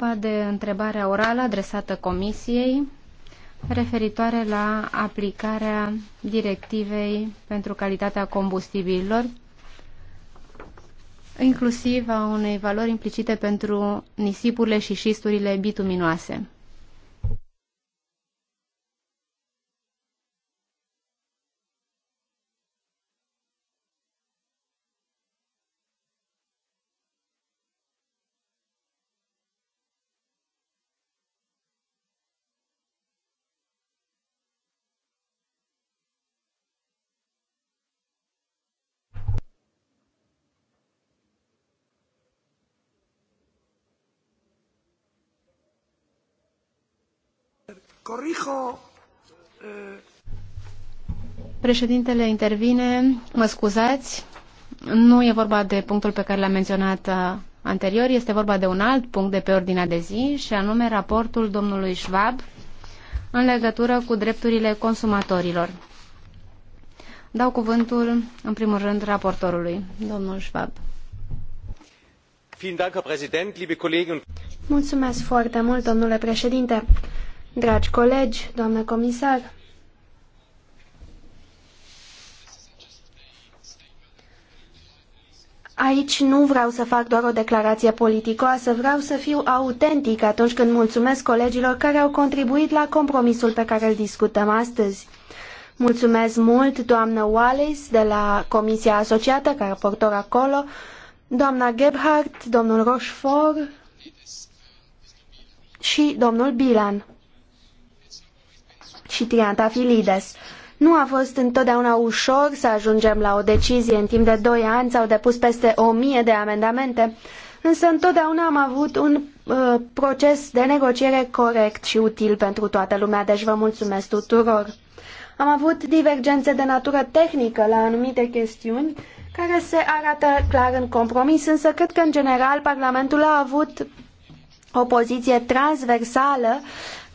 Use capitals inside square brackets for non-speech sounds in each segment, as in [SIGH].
vorba de întrebarea orală adresată Comisiei referitoare la aplicarea directivei pentru calitatea combustibililor, inclusiv a unei valori implicite pentru nisipurile și șisturile bituminoase. Eh. Președintele intervine, mă scuzați, nu e vorba de punctul pe care l-am menționat uh, anterior, este vorba de un alt punct de pe ordinea de zi și anume raportul domnului Schwab în legătură cu drepturile consumatorilor. Dau cuvântul, în primul rând, raportorului, domnul Schwab. Mulțumesc foarte mult, domnule președinte. Dragi colegi, doamnă comisar, Aici nu vreau să fac doar o declarație politicoasă, vreau să fiu autentic atunci când mulțumesc colegilor care au contribuit la compromisul pe care îl discutăm astăzi. Mulțumesc mult, doamnă Wallis de la Comisia Asociată, ca raportor acolo, doamna Gebhardt, domnul Rochefort și domnul Bilan și Triantafilides. Nu a fost întotdeauna ușor să ajungem la o decizie. În timp de doi ani s-au depus peste o mie de amendamente, însă întotdeauna am avut un uh, proces de negociere corect și util pentru toată lumea, deci vă mulțumesc tuturor. Am avut divergențe de natură tehnică la anumite chestiuni care se arată clar în compromis, însă cred că în general Parlamentul a avut o poziție transversală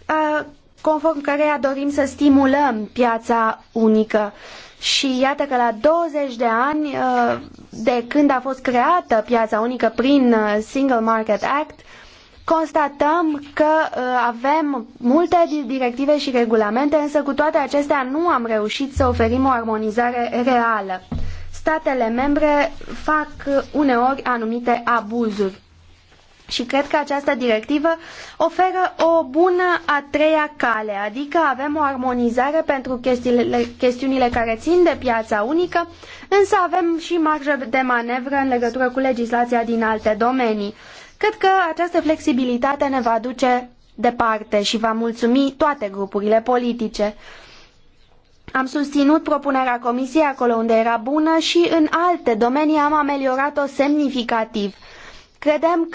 uh, conform căreia dorim să stimulăm piața unică. Și iată că la 20 de ani uh, de când a fost creată piața unică prin uh, Single Market Act, constatăm că uh, avem multe directive și regulamente, însă cu toate acestea nu am reușit să oferim o armonizare reală. Statele membre fac uneori anumite abuzuri. Și cred că această directivă oferă o bună a treia cale, adică avem o armonizare pentru chestiile, chestiunile care țin de piața unică, însă avem și marjă de manevră în legătură cu legislația din alte domenii. Cred că această flexibilitate ne va duce departe și va mulțumi toate grupurile politice. Am susținut propunerea comisiei acolo unde era bună și în alte domenii am ameliorat-o semnificativ – Credem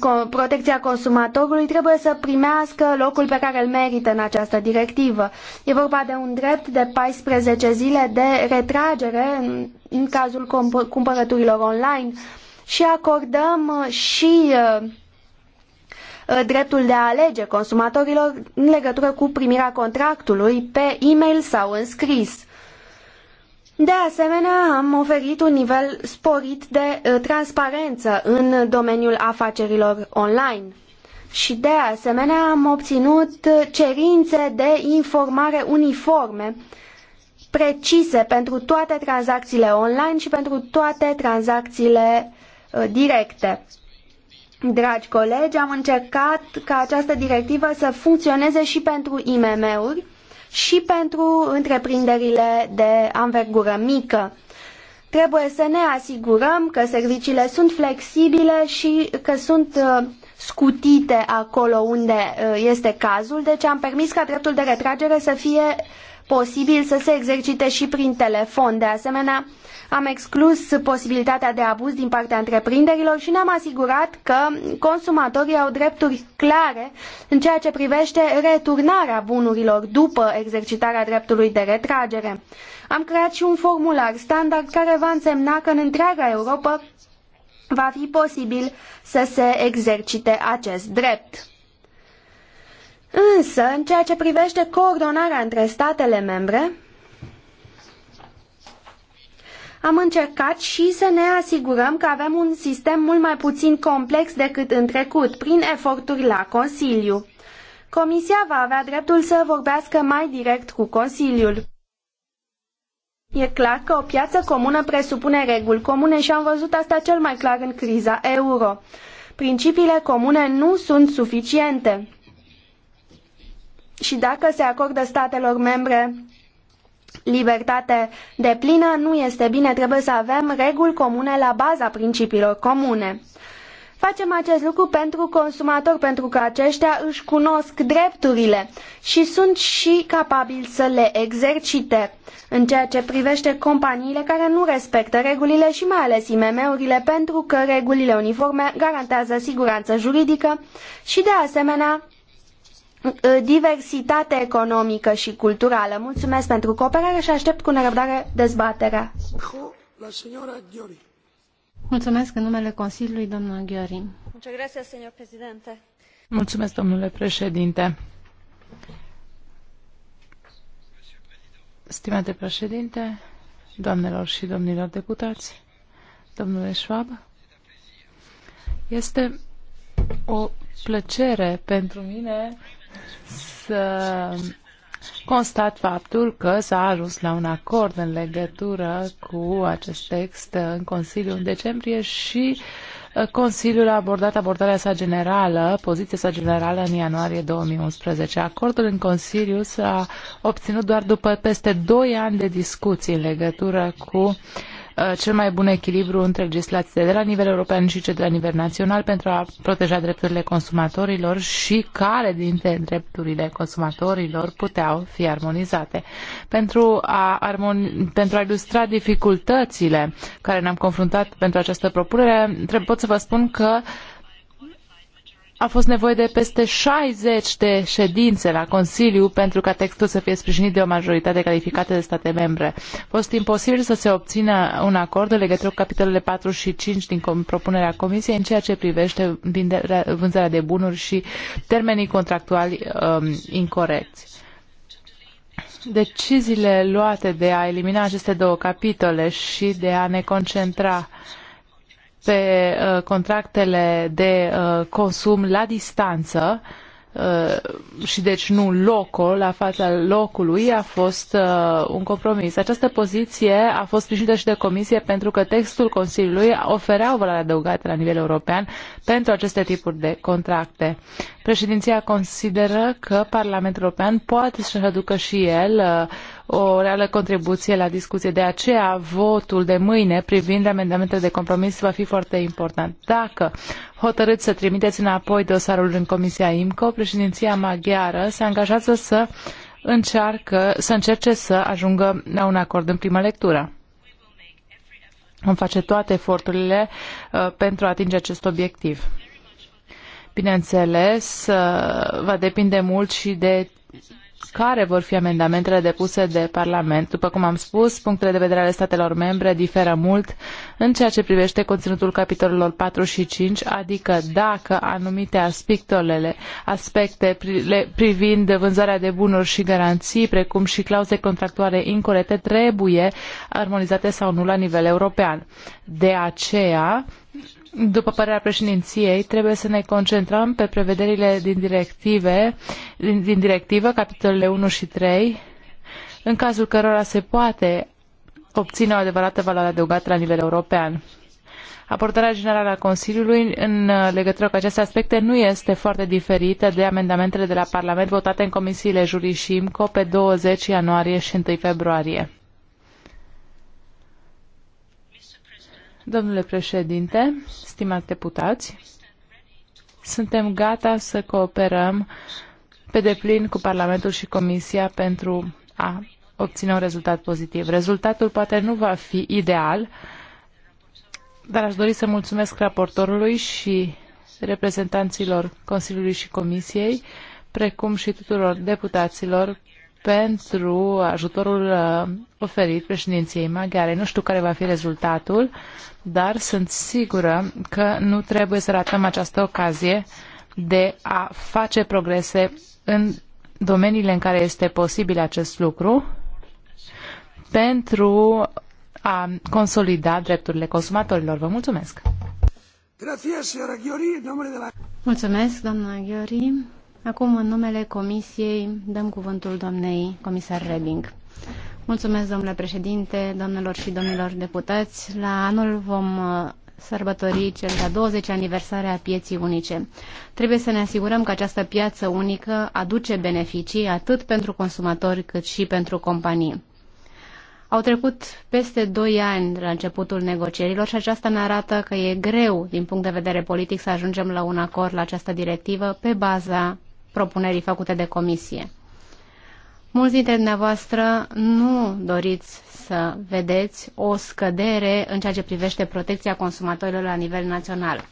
că protecția consumatorului trebuie să primească locul pe care îl merită în această directivă. E vorba de un drept de 14 zile de retragere în, în cazul cumpărăturilor online și acordăm și uh, dreptul de a alege consumatorilor în legătură cu primirea contractului pe e-mail sau în scris. De asemenea, am oferit un nivel sporit de uh, transparență în domeniul afacerilor online. Și de asemenea am obținut uh, cerințe de informare uniforme precise pentru toate tranzacțiile online și pentru toate tranzacțiile uh, directe. Dragi colegi, am încercat ca această directivă să funcționeze și pentru IMM-uri și pentru întreprinderile de anvergură mică. Trebuie să ne asigurăm că serviciile sunt flexibile și că sunt uh, scutite acolo unde uh, este cazul, deci am permis ca dreptul de retragere să fie posibil să se exercite și prin telefon. De asemenea, am exclus posibilitatea de abuz din partea întreprinderilor și ne-am asigurat că consumatorii au drepturi clare în ceea ce privește returnarea bunurilor după exercitarea dreptului de retragere. Am creat și un formular standard care va însemna că în întreaga Europa va fi posibil să se exercite acest drept. Însă, în ceea ce privește coordonarea între statele membre, am încercat și să ne asigurăm că avem un sistem mult mai puțin complex decât în trecut, prin eforturi la Consiliu. Comisia va avea dreptul să vorbească mai direct cu Consiliul. E clar că o piață comună presupune reguli comune și am văzut asta cel mai clar în criza euro. Principiile comune nu sunt suficiente și dacă se acordă statelor membre libertate de plină, nu este bine, trebuie să avem reguli comune la baza principiilor comune. Facem acest lucru pentru consumatori, pentru că aceștia își cunosc drepturile și sunt și capabili să le exercite în ceea ce privește companiile care nu respectă regulile și mai ales IMM-urile, pentru că regulile uniforme garantează siguranță juridică și, de asemenea, Uh, diversitate economică și culturală. Mulțumesc pentru cooperare și aștept cu nerăbdare dezbaterea. Mulțumesc în numele Consiliului, domnul Ghiori. Mulțumesc, domnule președinte. Stimate președinte, doamnelor și domnilor deputați, domnule Schwab, este o plăcere pentru mine să constat faptul că s-a ajuns la un acord în legătură cu acest text în Consiliu în decembrie și uh, Consiliul a abordat abordarea sa generală, poziția sa generală în ianuarie 2011. Acordul în Consiliu s-a obținut doar după peste 2 ani de discuții în legătură cu uh, Uh, cel mai bun echilibru între legislațiile de la nivel european și cele de la nivel național pentru a proteja drepturile consumatorilor și care dintre drepturile consumatorilor puteau fi armonizate. Pentru a, armoni- pentru a ilustra dificultățile care ne-am confruntat pentru această propunere, pot să vă spun că a fost nevoie de peste 60 de ședințe la Consiliu pentru ca textul să fie sprijinit de o majoritate calificată de state membre. A fost imposibil să se obțină un acord în legătură cu capitolele 4 și 5 din propunerea Comisiei în ceea ce privește vânzarea de bunuri și termenii contractuali um, incorrecți. Deciziile luate de a elimina aceste două capitole și de a ne concentra uh, pe uh, contractele de uh, consum la distanță uh, și deci nu locul, la fața locului, a fost un compromis. Această poziție a fost sprijinită și de comisie pentru că textul Consiliului oferea o valoare adăugată la nivel european pentru aceste tipuri de contracte. Președinția consideră că Parlamentul European poate să-și aducă și el o reală contribuție la discuție. De aceea, votul de mâine privind amendamentele de compromis va fi foarte important. Dacă hotărâți să trimiteți înapoi dosarul în Comisia IMCO, președinția maghiară se angajează să încearcă, să încerce să ajungă la un acord în prima lectură. Vom face toate eforturile uh, pentru a atinge acest obiectiv. Bineînțeles, uh, va depinde mult și de care vor fi amendamentele depuse de Parlament. După cum am spus, punctele de vedere ale statelor membre diferă mult în ceea ce privește conținutul capitolelor 4 și 5, adică dacă anumite aspectele, aspecte privind vânzarea de bunuri și garanții, precum și clauze contractuale incorrecte, trebuie armonizate sau nu la nivel european. De aceea, după părerea președinției, trebuie să ne concentrăm pe prevederile din, directive, din, din directivă, capitolele 1 și 3, în cazul cărora se poate obține o adevărată valoare adăugată la nivel european. Aportarea generală a Consiliului în uh, legătură cu aceste aspecte nu este foarte diferită de amendamentele de la Parlament votate în comisiile Juri și IMCO pe 20 ianuarie și 1 februarie. Domnule președinte, stimați deputați, suntem gata să cooperăm pe deplin cu Parlamentul și Comisia pentru a obține un rezultat pozitiv. Rezultatul poate nu va fi ideal, dar aș dori să mulțumesc raportorului și reprezentanților Consiliului și Comisiei, precum și tuturor deputaților pentru ajutorul uh, oferit președinției maghiare. Nu știu care va fi rezultatul, dar sunt sigură că nu trebuie să ratăm această ocazie de a face progrese în domeniile în care este posibil acest lucru pentru a consolida drepturile consumatorilor. Vă mulțumesc! Mulțumesc, doamna Ghiori. Acum, în numele Comisiei, dăm cuvântul doamnei comisar Reding. Mulțumesc, domnule președinte, domnilor și domnilor deputați. La anul vom uh, sărbători cel de-a 20 aniversare a pieții unice. Trebuie să ne asigurăm că această piață unică aduce beneficii atât pentru consumatori cât și pentru companii. Au trecut peste 2 ani de la începutul negocierilor și aceasta ne arată că e greu din punct de vedere politic să ajungem la un acord la această directivă pe baza propunerii făcute de comisie. Mulți dintre dumneavoastră nu doriți să vedeți o scădere în ceea ce privește protecția consumatorilor la nivel național.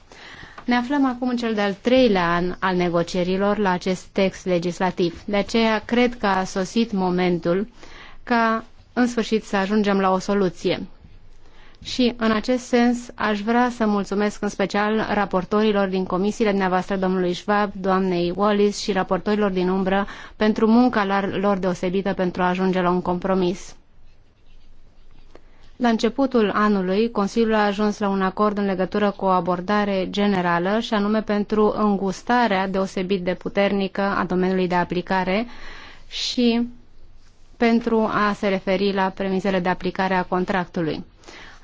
Ne aflăm acum în cel de-al treilea an al negocierilor la acest text legislativ. De aceea cred că a sosit momentul ca în sfârșit să ajungem la o soluție. Și în acest sens aș vrea să mulțumesc în special raportorilor din comisiile dumneavoastră, domnului Schwab, doamnei Wallis și raportorilor din umbră pentru munca lor deosebită pentru a ajunge la un compromis. La începutul anului, Consiliul a ajuns la un acord în legătură cu o abordare generală și anume pentru îngustarea deosebit de puternică a domeniului de aplicare și pentru a se referi la premisele de aplicare a contractului.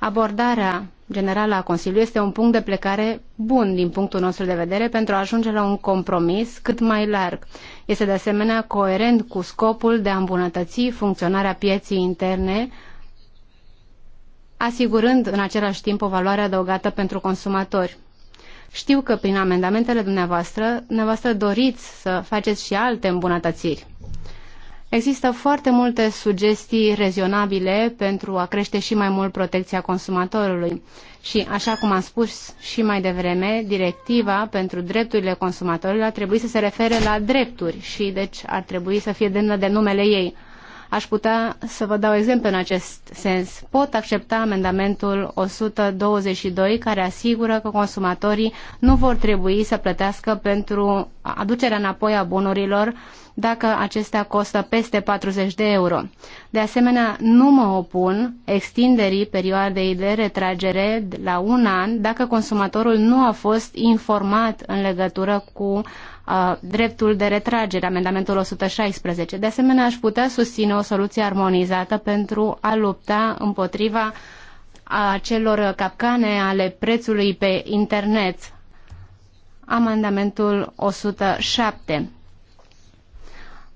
Abordarea generală a Consiliului este un punct de plecare bun din punctul nostru de vedere pentru a ajunge la un compromis cât mai larg. Este de asemenea coerent cu scopul de a îmbunătăți funcționarea pieții interne, asigurând în același timp o valoare adăugată pentru consumatori. Știu că prin amendamentele dumneavoastră, dumneavoastră doriți să faceți și alte îmbunătățiri. Există foarte multe sugestii rezonabile pentru a crește și mai mult protecția consumatorului. Și, așa cum am spus și mai devreme, directiva pentru drepturile consumatorilor ar trebui să se refere la drepturi și, deci, ar trebui să fie demnă de numele ei. Aș putea să vă dau exemplu în acest sens. Pot accepta amendamentul 122 care asigură că consumatorii nu vor trebui să plătească pentru aducerea înapoi a bunurilor dacă acestea costă peste 40 de euro. De asemenea, nu mă opun extinderii perioadei de retragere la un an dacă consumatorul nu a fost informat în legătură cu uh, dreptul de retragere, amendamentul 116. De asemenea, aș putea susține o soluție armonizată pentru a lupta împotriva acelor capcane ale prețului pe internet amendamentul 107.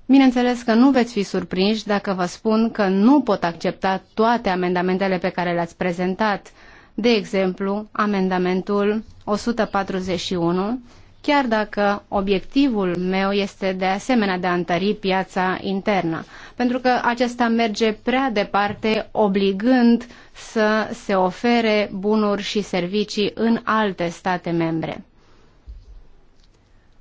Bineînțeles că nu veți fi surprinși dacă vă spun că nu pot accepta toate amendamentele pe care le-ați prezentat, de exemplu, amendamentul 141, chiar dacă obiectivul meu este de asemenea de a întări piața internă, pentru că acesta merge prea departe obligând să se ofere bunuri și servicii în alte state membre.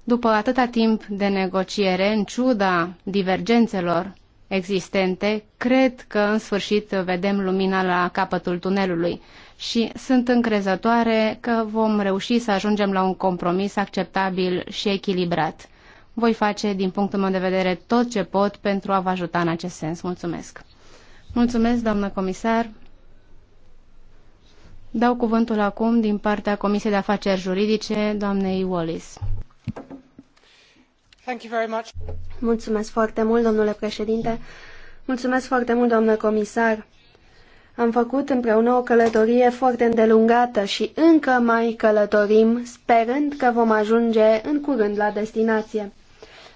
După atâta timp de negociere, în ciuda divergențelor existente, cred că în sfârșit vedem lumina la capătul tunelului și sunt încrezătoare că vom reuși să ajungem la un compromis acceptabil și echilibrat. Voi face, din punctul meu de vedere, tot ce pot pentru a vă ajuta în acest sens. Mulțumesc! Mulțumesc, doamnă comisar! Dau cuvântul acum din partea Comisiei de Afaceri Juridice, doamnei Wallis. Mulțumesc foarte mult, domnule președinte. Mulțumesc foarte mult, doamnă comisar. Am făcut împreună o călătorie foarte îndelungată și încă mai călătorim, sperând că vom ajunge în curând la destinație.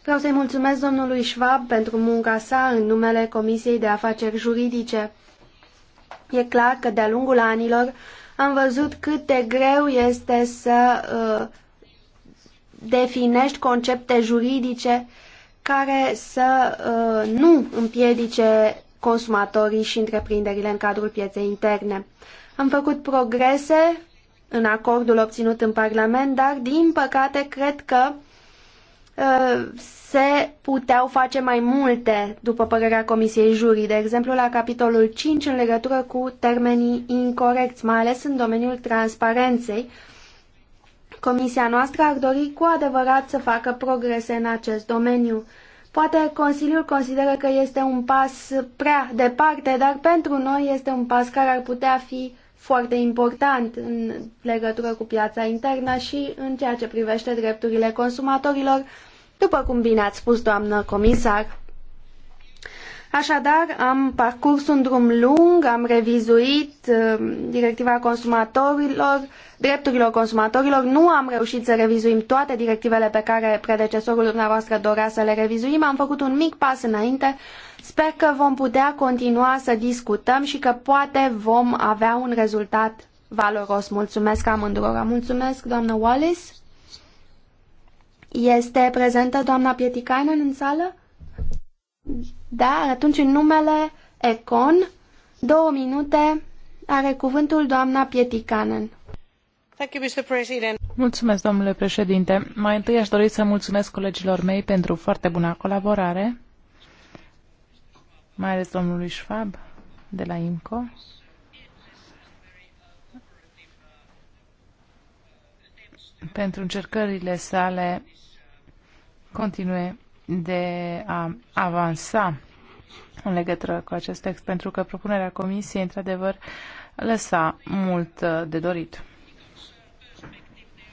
Vreau să-i mulțumesc domnului Schwab pentru munca sa în numele Comisiei de Afaceri Juridice. E clar că de-a lungul anilor am văzut cât de greu este să uh, definești concepte juridice care să uh, nu împiedice consumatorii și întreprinderile în cadrul pieței interne. Am făcut progrese în acordul obținut în Parlament, dar din păcate cred că uh, se puteau face mai multe, după părerea Comisiei Jurii, de exemplu la capitolul 5 în legătură cu termenii incorrecți, mai ales în domeniul transparenței, uh, Comisia noastră ar dori cu adevărat să facă progrese în acest domeniu. Poate Consiliul consideră că este un pas prea departe, dar pentru noi este un pas care ar putea fi foarte important în legătură cu piața internă și în ceea ce privește drepturile consumatorilor, după cum bine ați spus, doamnă comisar. Așadar, am parcurs un drum lung, am revizuit uh, directiva consumatorilor, drepturilor consumatorilor. Nu am reușit să revizuim toate directivele pe care predecesorul dumneavoastră dorea să le revizuim. Am făcut un mic pas înainte. Sper că vom putea continua să discutăm și că poate vom avea un rezultat valoros. Mulțumesc amândurora. Mulțumesc, doamnă Wallis. Este prezentă doamna Pieticainen în sală? Da, atunci în numele Econ, două minute, are cuvântul doamna Pieticanen. Mulțumesc, domnule președinte. Mai întâi aș dori să mulțumesc colegilor mei pentru foarte bună colaborare, mai ales domnului Schwab de la IMCO. pentru încercările sale continue de a avansa în legătură cu acest text, pentru că propunerea Comisiei, într-adevăr, lăsa mult uh, de dorit.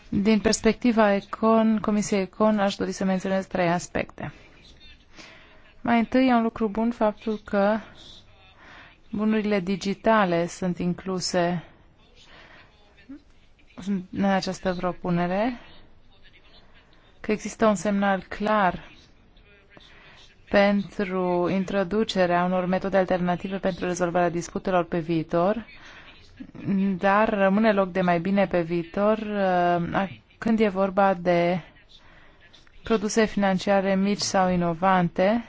Din perspectiva Econ, Comisiei Econ, aș dori să menționez trei aspecte. Mai întâi, e un lucru bun faptul că bunurile digitale sunt incluse în această propunere, că există un semnal clar pentru introducerea unor metode alternative pentru rezolvarea disputelor pe viitor, dar rămâne loc de mai bine pe viitor uh, când e vorba de produse financiare mici sau inovante.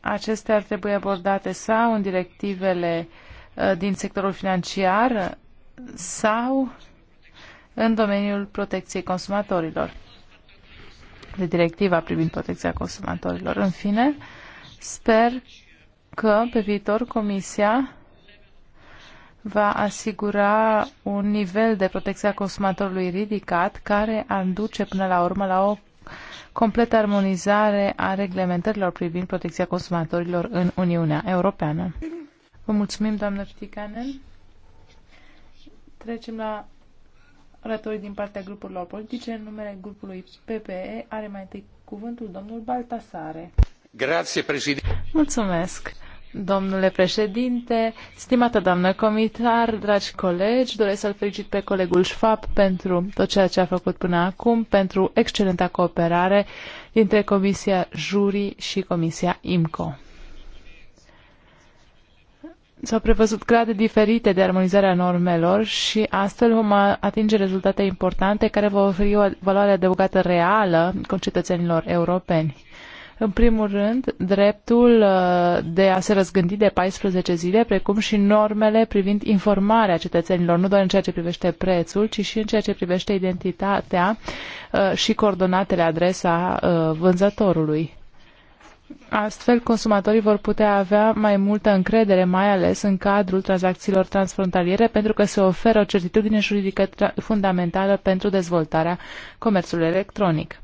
Acestea ar trebui abordate sau în directivele uh, din sectorul financiar sau în domeniul protecției consumatorilor de directiva privind protecția consumatorilor. În fine, sper că pe viitor Comisia va asigura un nivel de protecție a consumatorului ridicat care ar duce până la urmă la o completă armonizare a reglementărilor privind protecția consumatorilor în Uniunea Europeană. Vă mulțumim, doamnă Pticanen. Trecem la oratorii din partea grupurilor politice. În numele grupului PPE are mai întâi cuvântul domnul Baltasare. Grazie, președinte. Mulțumesc. Domnule președinte, stimată doamnă comitar, dragi colegi, doresc să-l felicit pe colegul Schwab pentru tot ceea ce a făcut până acum, pentru excelenta cooperare dintre Comisia Juri și Comisia IMCO s-au prevăzut grade diferite de armonizare a normelor și astfel vom atinge rezultate importante care vor oferi o valoare adăugată reală concetățenilor europeni. În primul rând, dreptul uh, de a se răzgândi de 14 zile, precum și normele privind informarea cetățenilor, nu doar în ceea ce privește prețul, ci și în ceea ce privește identitatea uh, și coordonatele adresa uh, vânzătorului. Astfel, consumatorii vor putea avea mai multă încredere, mai ales în cadrul tranzacțiilor transfrontaliere, pentru că se oferă o certitudine juridică fundamentală pentru dezvoltarea comerțului electronic.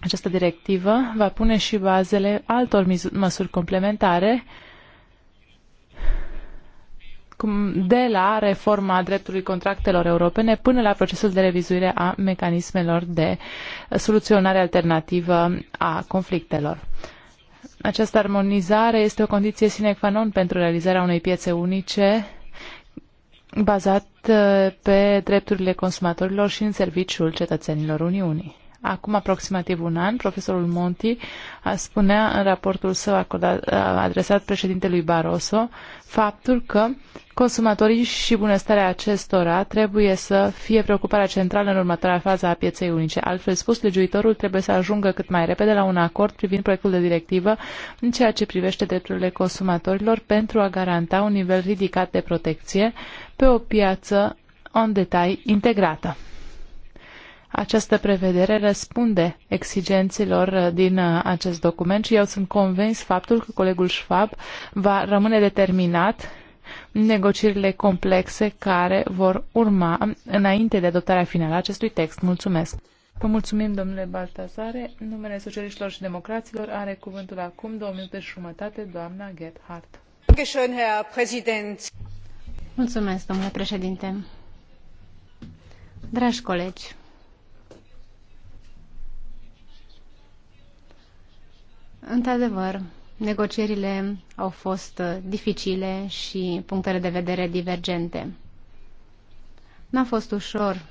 Această directivă va pune și bazele altor măsuri complementare de la reforma dreptului contractelor europene până la procesul de revizuire a mecanismelor de soluționare alternativă a conflictelor. Această armonizare este o condiție sine qua non pentru realizarea unei piețe unice bazat uh, pe drepturile consumatorilor și în serviciul cetățenilor Uniunii. Acum aproximativ un an, profesorul Monti a spunea în raportul său acordat, adresat președintelui Barroso faptul că consumatorii și bunăstarea acestora trebuie să fie preocuparea centrală în următoarea fază a pieței unice. Altfel spus, legiuitorul trebuie să ajungă cât mai repede la un acord privind proiectul de directivă în ceea ce privește drepturile consumatorilor pentru a garanta un nivel ridicat de protecție pe o piață în detalii integrată. Această prevedere răspunde exigențelor uh, din uh, acest document și eu sunt convins faptul că colegul Schwab va rămâne determinat în negocierile complexe care vor urma înainte de adoptarea finală a acestui text. Mulțumesc! Vă mulțumim, domnule Baltazare. Numele Socialiștilor și Democraților are cuvântul acum două minute și jumătate, doamna Gerhardt. Mulțumesc, domnule președinte. Dragi colegi, Într-adevăr, negocierile au fost uh, dificile și punctele de vedere divergente. N-a fost ușor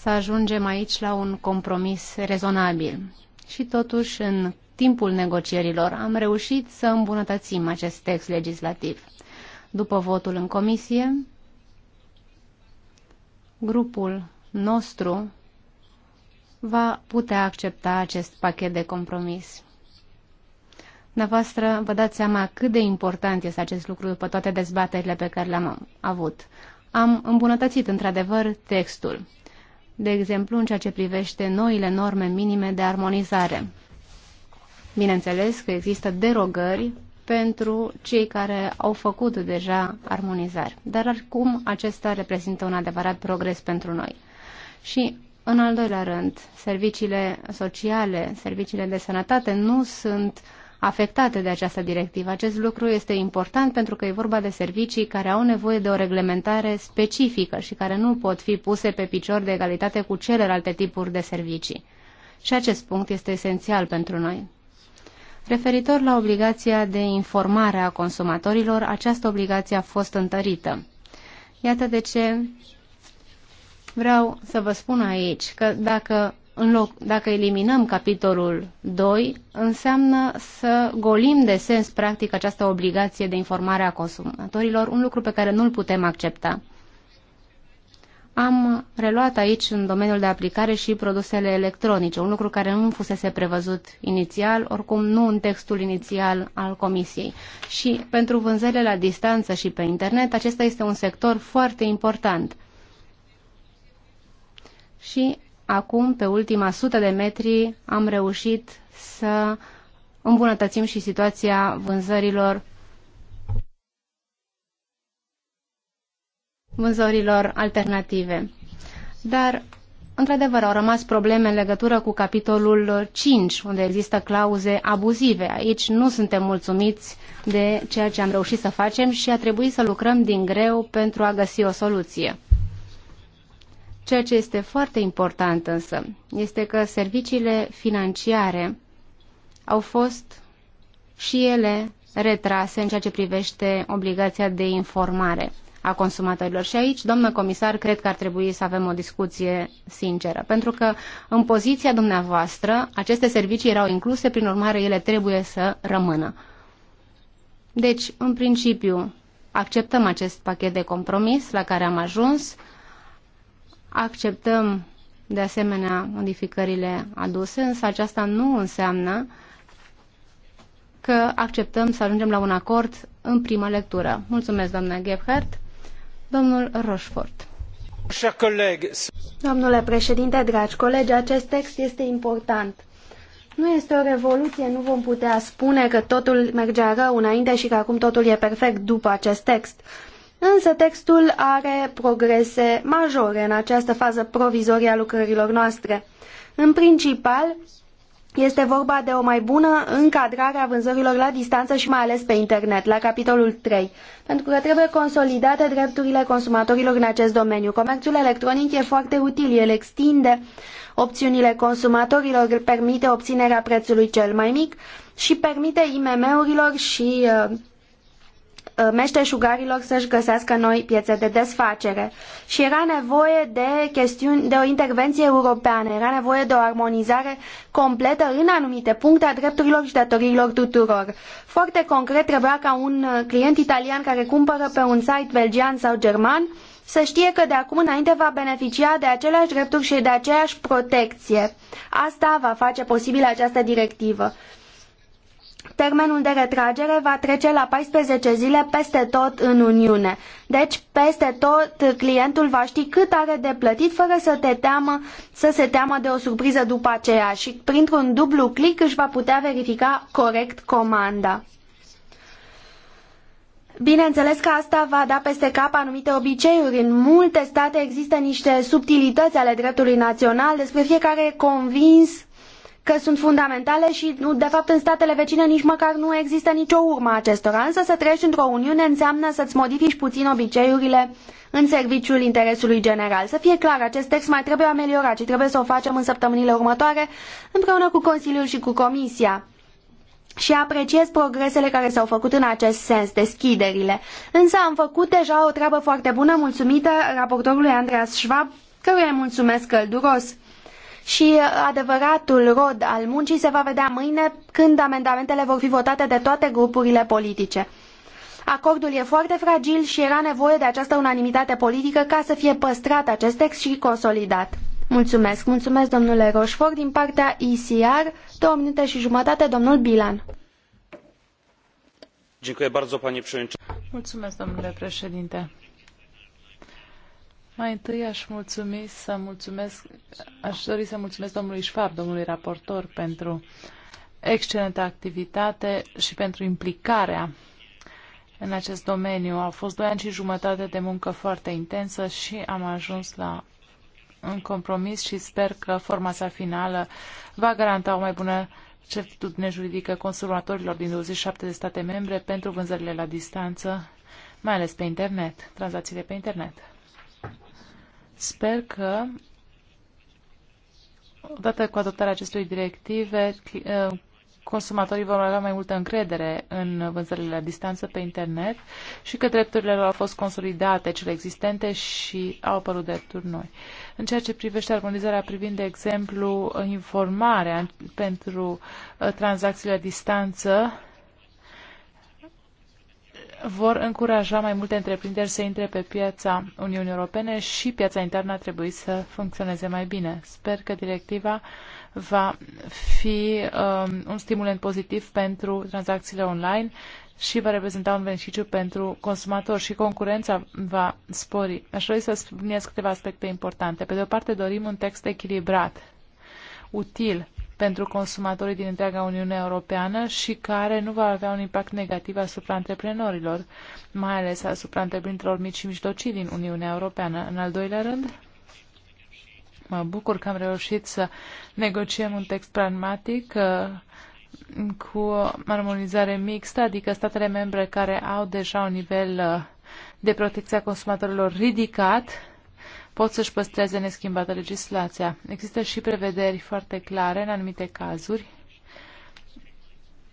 să ajungem aici la un compromis rezonabil. Și totuși, în timpul negocierilor, am reușit să îmbunătățim acest text legislativ. După votul în comisie, grupul nostru va putea accepta acest pachet de compromis. Dumneavoastră vă dați seama cât de important este acest lucru după toate dezbaterile pe care le-am avut. Am îmbunătățit într-adevăr textul, de exemplu în ceea ce privește noile norme minime de armonizare. Bineînțeles că există derogări pentru cei care au făcut deja armonizare, dar acum acesta reprezintă un adevărat progres pentru noi. Și în al doilea rând, serviciile sociale, serviciile de sănătate nu sunt afectate de această directivă. Acest lucru este important pentru că e vorba de servicii care au nevoie de o reglementare specifică și care nu pot fi puse pe picior de egalitate cu celelalte tipuri de servicii. Și acest punct este esențial pentru noi. Referitor la obligația de informare a consumatorilor, această obligație a fost întărită. Iată de ce Vreau să vă spun aici că dacă, în loc, dacă eliminăm capitolul 2, înseamnă să golim de sens practic această obligație de informare a consumatorilor, un lucru pe care nu-l putem accepta. Am reluat aici în domeniul de aplicare și produsele electronice, un lucru care nu fusese prevăzut inițial, oricum nu în textul inițial al Comisiei. Și pentru vânzările la distanță și pe internet, acesta este un sector foarte important și acum, pe ultima sută de metri, am reușit să îmbunătățim și situația vânzărilor vânzărilor alternative. Dar, într-adevăr, au rămas probleme în legătură cu capitolul 5, unde există clauze abuzive. Aici nu suntem mulțumiți de ceea ce am reușit să facem și a trebuit să lucrăm din greu pentru a găsi o soluție. Ceea ce este foarte important însă este că serviciile financiare au fost și ele retrase în ceea ce privește obligația de informare a consumatorilor. Și aici, domnă comisar, cred că ar trebui să avem o discuție sinceră, pentru că în poziția dumneavoastră aceste servicii erau incluse, prin urmare ele trebuie să rămână. Deci, în principiu, acceptăm acest pachet de compromis la care am ajuns, Acceptăm de asemenea modificările aduse, însă aceasta nu înseamnă că acceptăm să ajungem la un acord în prima lectură. Mulțumesc, doamna Gebhardt. Domnul Rochefort. Domnule președinte, dragi colegi, acest text este important. Nu este o revoluție, nu vom putea spune că totul mergea rău înainte și că acum totul e perfect după acest text. Însă textul are progrese majore în această fază provizorie a lucrărilor noastre. În principal, este vorba de o mai bună încadrare a vânzărilor la distanță și mai ales pe internet, la capitolul 3, pentru că trebuie consolidate drepturile consumatorilor în acest domeniu. Comerțul electronic e foarte util, el extinde opțiunile consumatorilor, permite obținerea prețului cel mai mic și permite IMM-urilor și uh, Uh, meșteșugarilor să-și găsească noi piețe de desfacere. Și era nevoie de, chestiuni, de o intervenție europeană, era nevoie de o armonizare completă în anumite puncte a drepturilor și datoriilor tuturor. Foarte concret, trebuia ca un client italian care cumpără pe un site belgian sau german să știe că de acum înainte va beneficia de aceleași drepturi și de aceeași protecție. Asta va face posibil această directivă. Termenul de retragere va trece la 14 zile peste tot în Uniune. Deci, peste tot, clientul va ști cât are de plătit fără să, te teamă, să se teamă de o surpriză după aceea și printr-un dublu click își va putea verifica corect comanda. Bineînțeles că asta va da peste cap anumite obiceiuri. În multe state există niște subtilități ale dreptului național despre fiecare convins că sunt fundamentale și, de fapt, în statele vecine nici măcar nu există nicio urmă a acestora. Însă să trăiești într-o uniune înseamnă să-ți modifici puțin obiceiurile în serviciul interesului general. Să fie clar, acest text mai trebuie ameliorat și trebuie să o facem în săptămânile următoare împreună cu Consiliul și cu Comisia și apreciez progresele care s-au făcut în acest sens, deschiderile. Însă am făcut deja o treabă foarte bună, mulțumită raportorului Andreas Schwab, căruia îi mulțumesc călduros și uh, adevăratul rod al muncii se va vedea mâine când amendamentele vor fi votate de toate grupurile politice. Acordul e foarte fragil și era nevoie de această unanimitate politică ca să fie păstrat acest text și consolidat. Mulțumesc, mulțumesc domnule Roșfort din partea ICR, două minute și jumătate, domnul Bilan. Mulțumesc, domnule președinte. Mai întâi aș mulțumi să mulțumesc, aș dori să mulțumesc domnului Șfab, domnului raportor, pentru excelentă activitate și pentru implicarea în acest domeniu. Au fost doi ani și jumătate de muncă foarte intensă și am ajuns la un compromis și sper că forma sa finală va garanta o mai bună certitudine juridică consumatorilor din 27 de state membre pentru vânzările la distanță, mai ales pe internet, tranzacțiile pe internet. Sper că odată cu adoptarea acestui directive, uh, consumatorii vor avea mai multă încredere în vânzările la distanță pe internet și că drepturile lor au fost consolidate, cele existente și au apărut drepturi noi. În ceea ce privește armonizarea privind, de exemplu, informarea pentru uh, tranzacțiile la distanță, vor încuraja mai multe întreprinderi să intre pe piața Uniunii Europene și piața internă a trebuit să funcționeze mai bine. Sper că directiva va fi um, un stimulant pozitiv pentru tranzacțiile online și va reprezenta un beneficiu pentru consumator și concurența va spori. Aș dori să subliniez câteva aspecte importante. Pe de o parte dorim un text echilibrat, util pentru consumatorii din întreaga Uniune Europeană și care nu va avea un impact negativ asupra antreprenorilor, mai ales asupra întreprinderilor mici și mijlocii din Uniunea Europeană. În al doilea rând, mă bucur că am reușit să negociem un text pragmatic uh, cu armonizare mixtă, adică statele membre care au deja un nivel uh, de protecția consumatorilor ridicat pot să-și păstreze neschimbată legislația. Există și prevederi foarte clare în anumite cazuri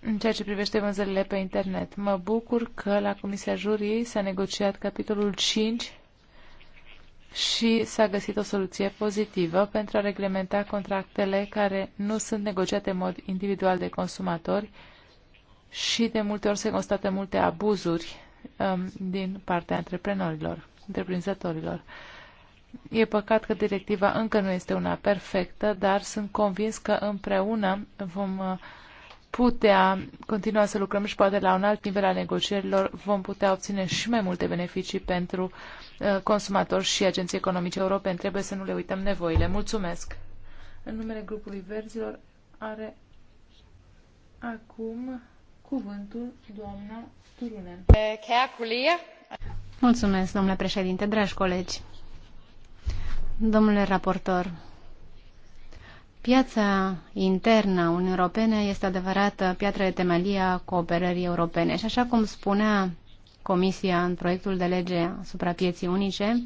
în ceea ce privește vânzările pe internet. Mă bucur că la Comisia Jurii s-a negociat capitolul 5 și s-a găsit o soluție pozitivă pentru a reglementa contractele care nu sunt negociate în mod individual de consumatori și de multe ori se constată multe abuzuri um, din partea antreprenorilor, întreprinzătorilor. E păcat că directiva încă nu este una perfectă, dar sunt convins că împreună vom uh, putea continua să lucrăm și poate la un alt nivel al negocierilor vom putea obține și mai multe beneficii pentru uh, consumatori și agenții economice europene. Trebuie să nu le uităm nevoile. Mulțumesc! În numele grupului verzilor are acum cuvântul doamna Turunen. Mulțumesc, domnule președinte, dragi colegi! Domnule raportor, piața internă a Uniunii Europene este adevărată piatra de temelie a cooperării europene și așa cum spunea Comisia în proiectul de lege asupra pieții unice,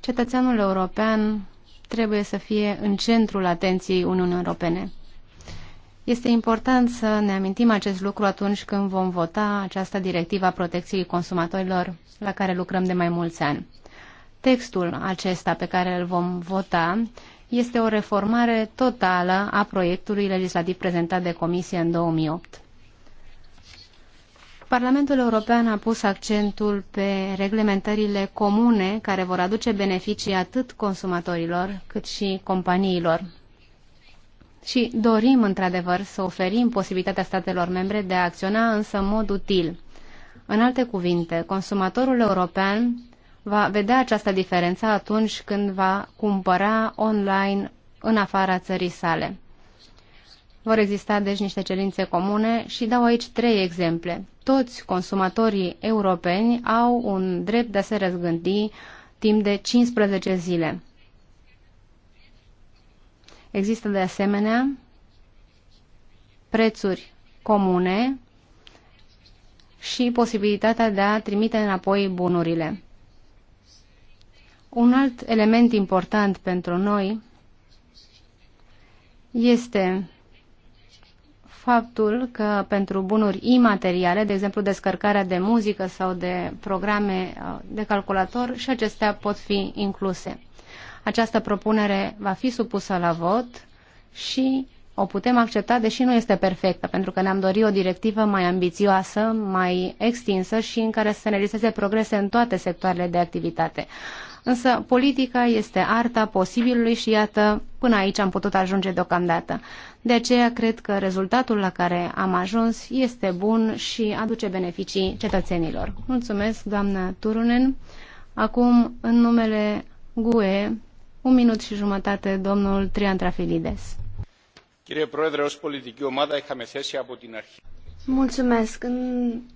cetățeanul european trebuie să fie în centrul atenției Uniunii Europene. Este important să ne amintim acest lucru atunci când vom vota această directivă a protecției consumatorilor la care lucrăm de mai mulți ani. Textul acesta pe care îl vom vota este o reformare totală a proiectului legislativ prezentat de Comisie în 2008. Parlamentul European a pus accentul pe reglementările comune care vor aduce beneficii atât consumatorilor cât și companiilor. Și dorim, într-adevăr, să oferim posibilitatea statelor membre de a acționa însă în mod util. În alte cuvinte, consumatorul european va vedea această diferență atunci când va cumpăra online în afara țării sale. Vor exista deci niște cerințe comune și dau aici trei exemple. Toți consumatorii europeni au un drept de a se răzgândi timp de 15 zile. Există de asemenea prețuri comune și posibilitatea de a trimite înapoi bunurile. Un alt element important pentru noi este faptul că pentru bunuri imateriale, de exemplu descărcarea de muzică sau de programe uh, de calculator, și acestea pot fi incluse. Această propunere va fi supusă la vot și o putem accepta, deși nu este perfectă, pentru că ne-am dorit o directivă mai ambițioasă, mai extinsă și în care să se realizeze progrese în toate sectoarele de activitate. Însă politica este arta posibilului și iată, până aici am putut ajunge deocamdată. De aceea cred că rezultatul la care am ajuns este bun și aduce beneficii cetățenilor. Mulțumesc, doamna Turunen. Acum, în numele GUE, un minut și jumătate, domnul Trian Trafilides. Mulțumesc.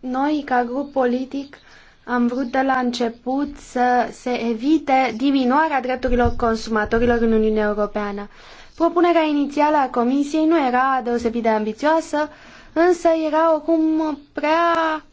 Noi, ca grup politic, am vrut de la început să se evite diminuarea drepturilor consumatorilor în Uniunea Europeană. Propunerea inițială a Comisiei nu era deosebit de ambițioasă, însă era oricum prea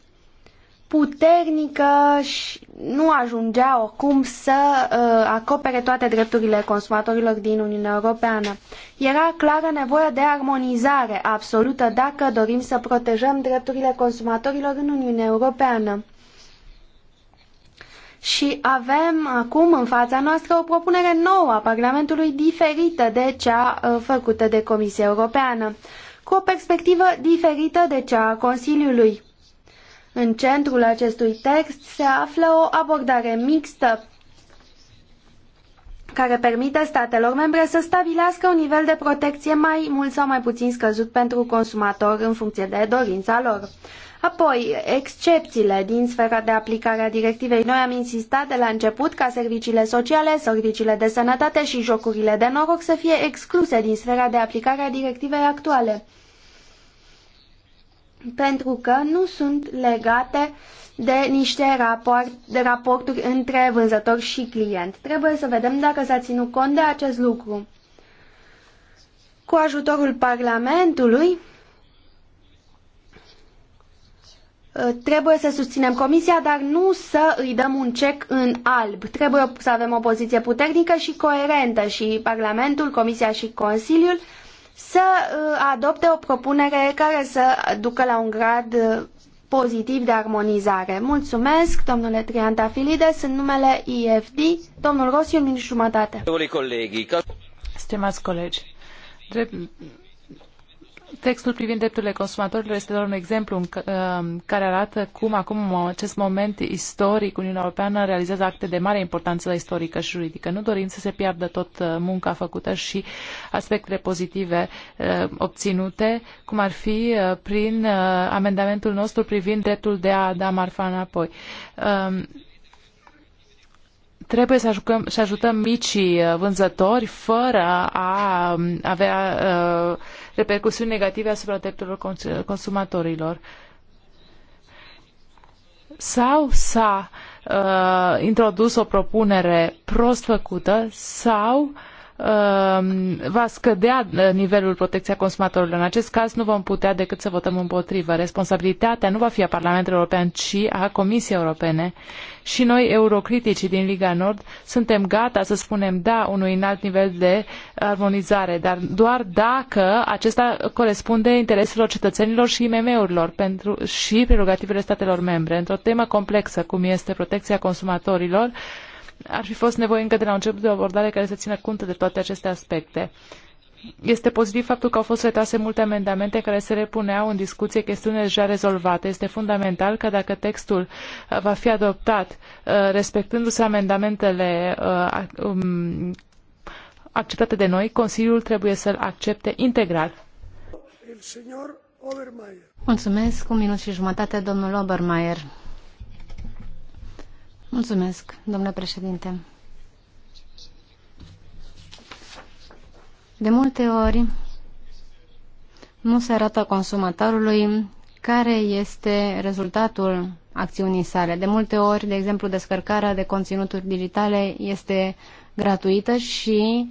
puternică și nu ajungea oricum să uh, acopere toate drepturile consumatorilor din Uniunea Europeană. Era clară nevoia de armonizare absolută dacă dorim să protejăm drepturile consumatorilor în Uniunea Europeană și avem acum în fața noastră o propunere nouă a Parlamentului diferită de cea uh, făcută de Comisia Europeană, cu o perspectivă diferită de cea a Consiliului. În centrul acestui text se află o abordare mixtă care permite statelor membre să stabilească un nivel de protecție mai mult sau mai puțin scăzut pentru consumator în funcție de dorința lor. Apoi, excepțiile din sfera de aplicare a directivei. Noi am insistat de la început ca serviciile sociale, serviciile de sănătate și jocurile de noroc să fie excluse din sfera de aplicare a directivei actuale. Pentru că nu sunt legate de niște raport, de raporturi între vânzător și client. Trebuie să vedem dacă s-a ținut cont de acest lucru. Cu ajutorul Parlamentului, ă, trebuie să susținem comisia, dar nu să îi dăm un cec în alb. Trebuie să avem o poziție puternică și coerentă și Parlamentul, Comisia și Consiliul să ă, adopte o propunere care să ducă la un grad ă, pozitiv de armonizare. Mulțumesc, domnule Triantafilides, în numele IFD, domnul Rossi, un minut și jumătate. Stimați colegi, drept Textul privind drepturile consumatorilor este doar un exemplu um, um, care arată cum acum, în acest moment istoric, Uniunea Europeană realizează acte de mare importanță istorică și juridică. Nu dorim să se piardă tot uh, munca făcută și aspectele pozitive uh, obținute, cum ar fi uh, prin amendamentul nostru privind dreptul de a da marfa înapoi um, trebuie să, ajucăm, să ajutăm micii vânzători fără a avea repercusiuni negative asupra drepturilor consumatorilor. Sau s-a uh, introdus o propunere prost făcută sau uh, Um, va scădea uh, nivelul protecției consumatorilor. În acest caz nu vom putea decât să votăm împotrivă. Responsabilitatea nu va fi a Parlamentului European, ci a Comisiei Europene. Și noi, eurocriticii din Liga Nord, suntem gata să spunem da unui înalt nivel de armonizare, dar doar dacă acesta corespunde intereselor cetățenilor și IMM-urilor pentru, și prerogativele statelor membre. Într-o temă complexă, cum este protecția consumatorilor, ar fi fost nevoie încă de la început de o abordare care să țină cont de toate aceste aspecte. Este pozitiv faptul că au fost retrase multe amendamente care se repuneau în discuție chestiuni deja rezolvate. Este fundamental că dacă textul uh, va fi adoptat uh, respectându-se amendamentele uh, um, acceptate de noi, Consiliul trebuie să-l accepte integral. Mulțumesc. Un minut și jumătate, domnul Obermeier. Mulțumesc, domnule președinte. De multe ori nu se arată consumatorului care este rezultatul acțiunii sale. De multe ori, de exemplu, descărcarea de conținuturi digitale este gratuită și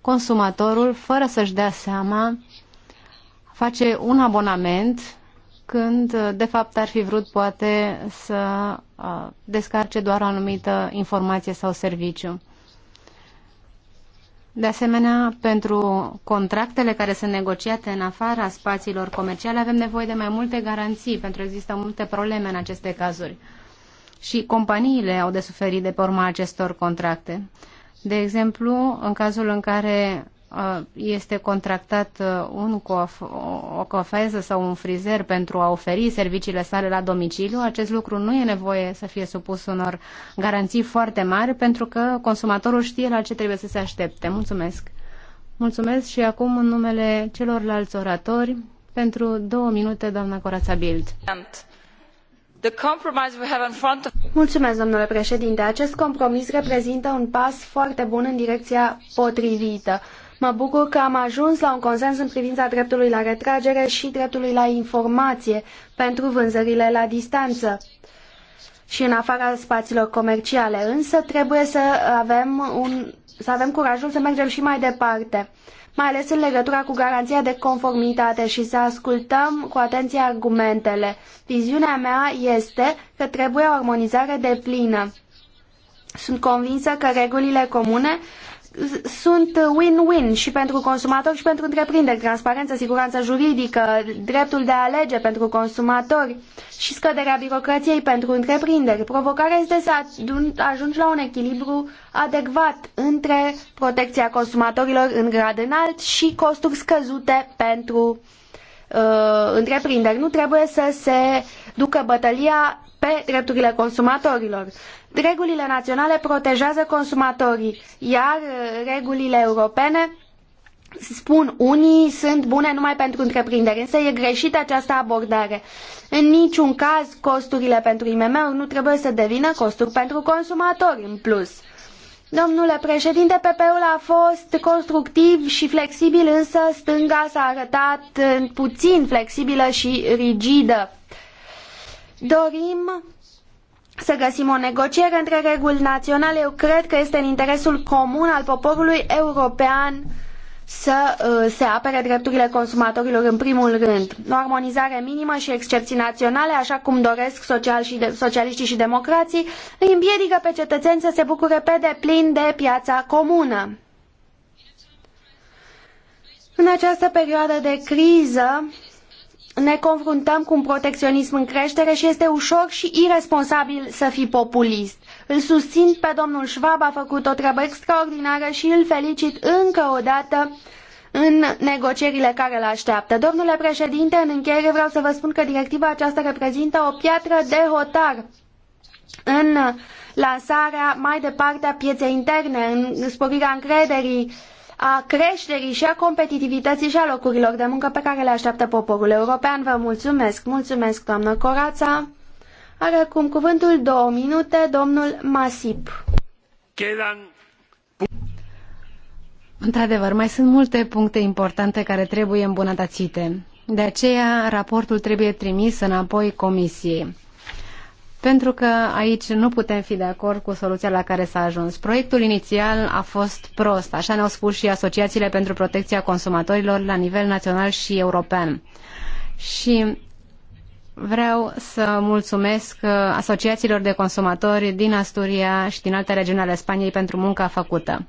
consumatorul, fără să-și dea seama, face un abonament când de fapt ar fi vrut poate să uh, descarce doar o anumită informație sau serviciu. De asemenea, pentru contractele care sunt negociate în afara spațiilor comerciale avem nevoie de mai multe garanții, pentru că există multe probleme în aceste cazuri. Și companiile au de suferit de pe urma acestor contracte. De exemplu, în cazul în care Uh, este contractat uh, un cu o cofeză sau un frizer pentru a oferi serviciile sale la domiciliu, acest lucru nu e nevoie să fie supus unor garanții foarte mari pentru că consumatorul știe la ce trebuie să se aștepte. Mulțumesc! Mulțumesc și acum în numele celorlalți oratori pentru două minute, doamna Corața Bild. Mulțumesc, domnule președinte. Acest compromis reprezintă un pas foarte bun în direcția potrivită Mă bucur că am ajuns la un consens în privința dreptului la retragere și dreptului la informație pentru vânzările la distanță și în afara spațiilor comerciale. Însă trebuie să avem, un, să avem curajul să mergem și mai departe mai ales în legătura cu garanția de conformitate și să ascultăm cu atenție argumentele. Viziunea mea este că trebuie o armonizare deplină. Sunt convinsă că regulile comune sunt win-win și pentru consumatori și pentru întreprinderi, transparență, siguranță juridică, dreptul de a alege pentru consumatori și scăderea birocrației pentru întreprinderi. Provocarea este să ajungi la un echilibru adecvat între protecția consumatorilor în grad înalt și costuri scăzute pentru uh, întreprinderi. Nu trebuie să se ducă bătălia pe drepturile consumatorilor. Regulile naționale protejează consumatorii, iar uh, regulile europene spun unii sunt bune numai pentru întreprinderi, însă e greșită această abordare. În niciun caz, costurile pentru imm nu trebuie să devină costuri pentru consumatori în plus. Domnule președinte, PP-ul a fost constructiv și flexibil, însă stânga s-a arătat uh, puțin flexibilă și rigidă Dorim să găsim o negociere între reguli naționale. Eu cred că este în interesul comun al poporului european să uh, se apere drepturile consumatorilor în primul rând. O armonizare minimă și excepții naționale, așa cum doresc social și de, socialiștii și democrații, îi împiedică pe cetățeni să se bucure pe deplin de piața comună. În această perioadă de criză, ne confruntăm cu un protecționism în creștere și este ușor și irresponsabil să fii populist. Îl susțin pe domnul Schwab, a făcut o treabă extraordinară și îl felicit încă o dată în negocierile care îl așteaptă. Domnule președinte, în încheiere vreau să vă spun că directiva aceasta reprezintă o piatră de hotar în lansarea mai departe a pieței interne, în sporirea încrederii a creșterii și a competitivității și a locurilor de muncă pe care le așteaptă poporul european. Vă mulțumesc! Mulțumesc, doamnă Corața! Are acum cuvântul două minute, domnul Masip. Într-adevăr, mai sunt multe puncte importante care trebuie îmbunătățite. De aceea, raportul trebuie trimis înapoi Comisiei pentru că aici nu putem fi de acord cu soluția la care s-a ajuns. Proiectul inițial a fost prost, așa ne-au spus și asociațiile pentru protecția consumatorilor la nivel național și european. Și vreau să mulțumesc uh, asociațiilor de consumatori din Asturia și din alte regiuni ale Spaniei pentru munca făcută.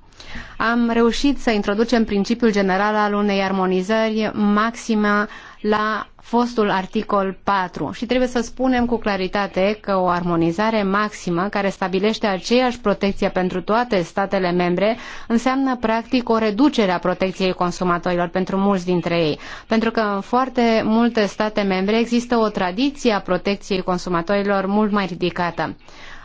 Am reușit să introducem principiul general al unei armonizări maxime la fostul articol 4 și trebuie să spunem cu claritate că o armonizare maximă care stabilește aceeași protecție pentru toate statele membre înseamnă practic o reducere a protecției consumatorilor pentru mulți dintre ei, pentru că în foarte multe state membre există o tradiție a protecției consumatorilor mult mai ridicată.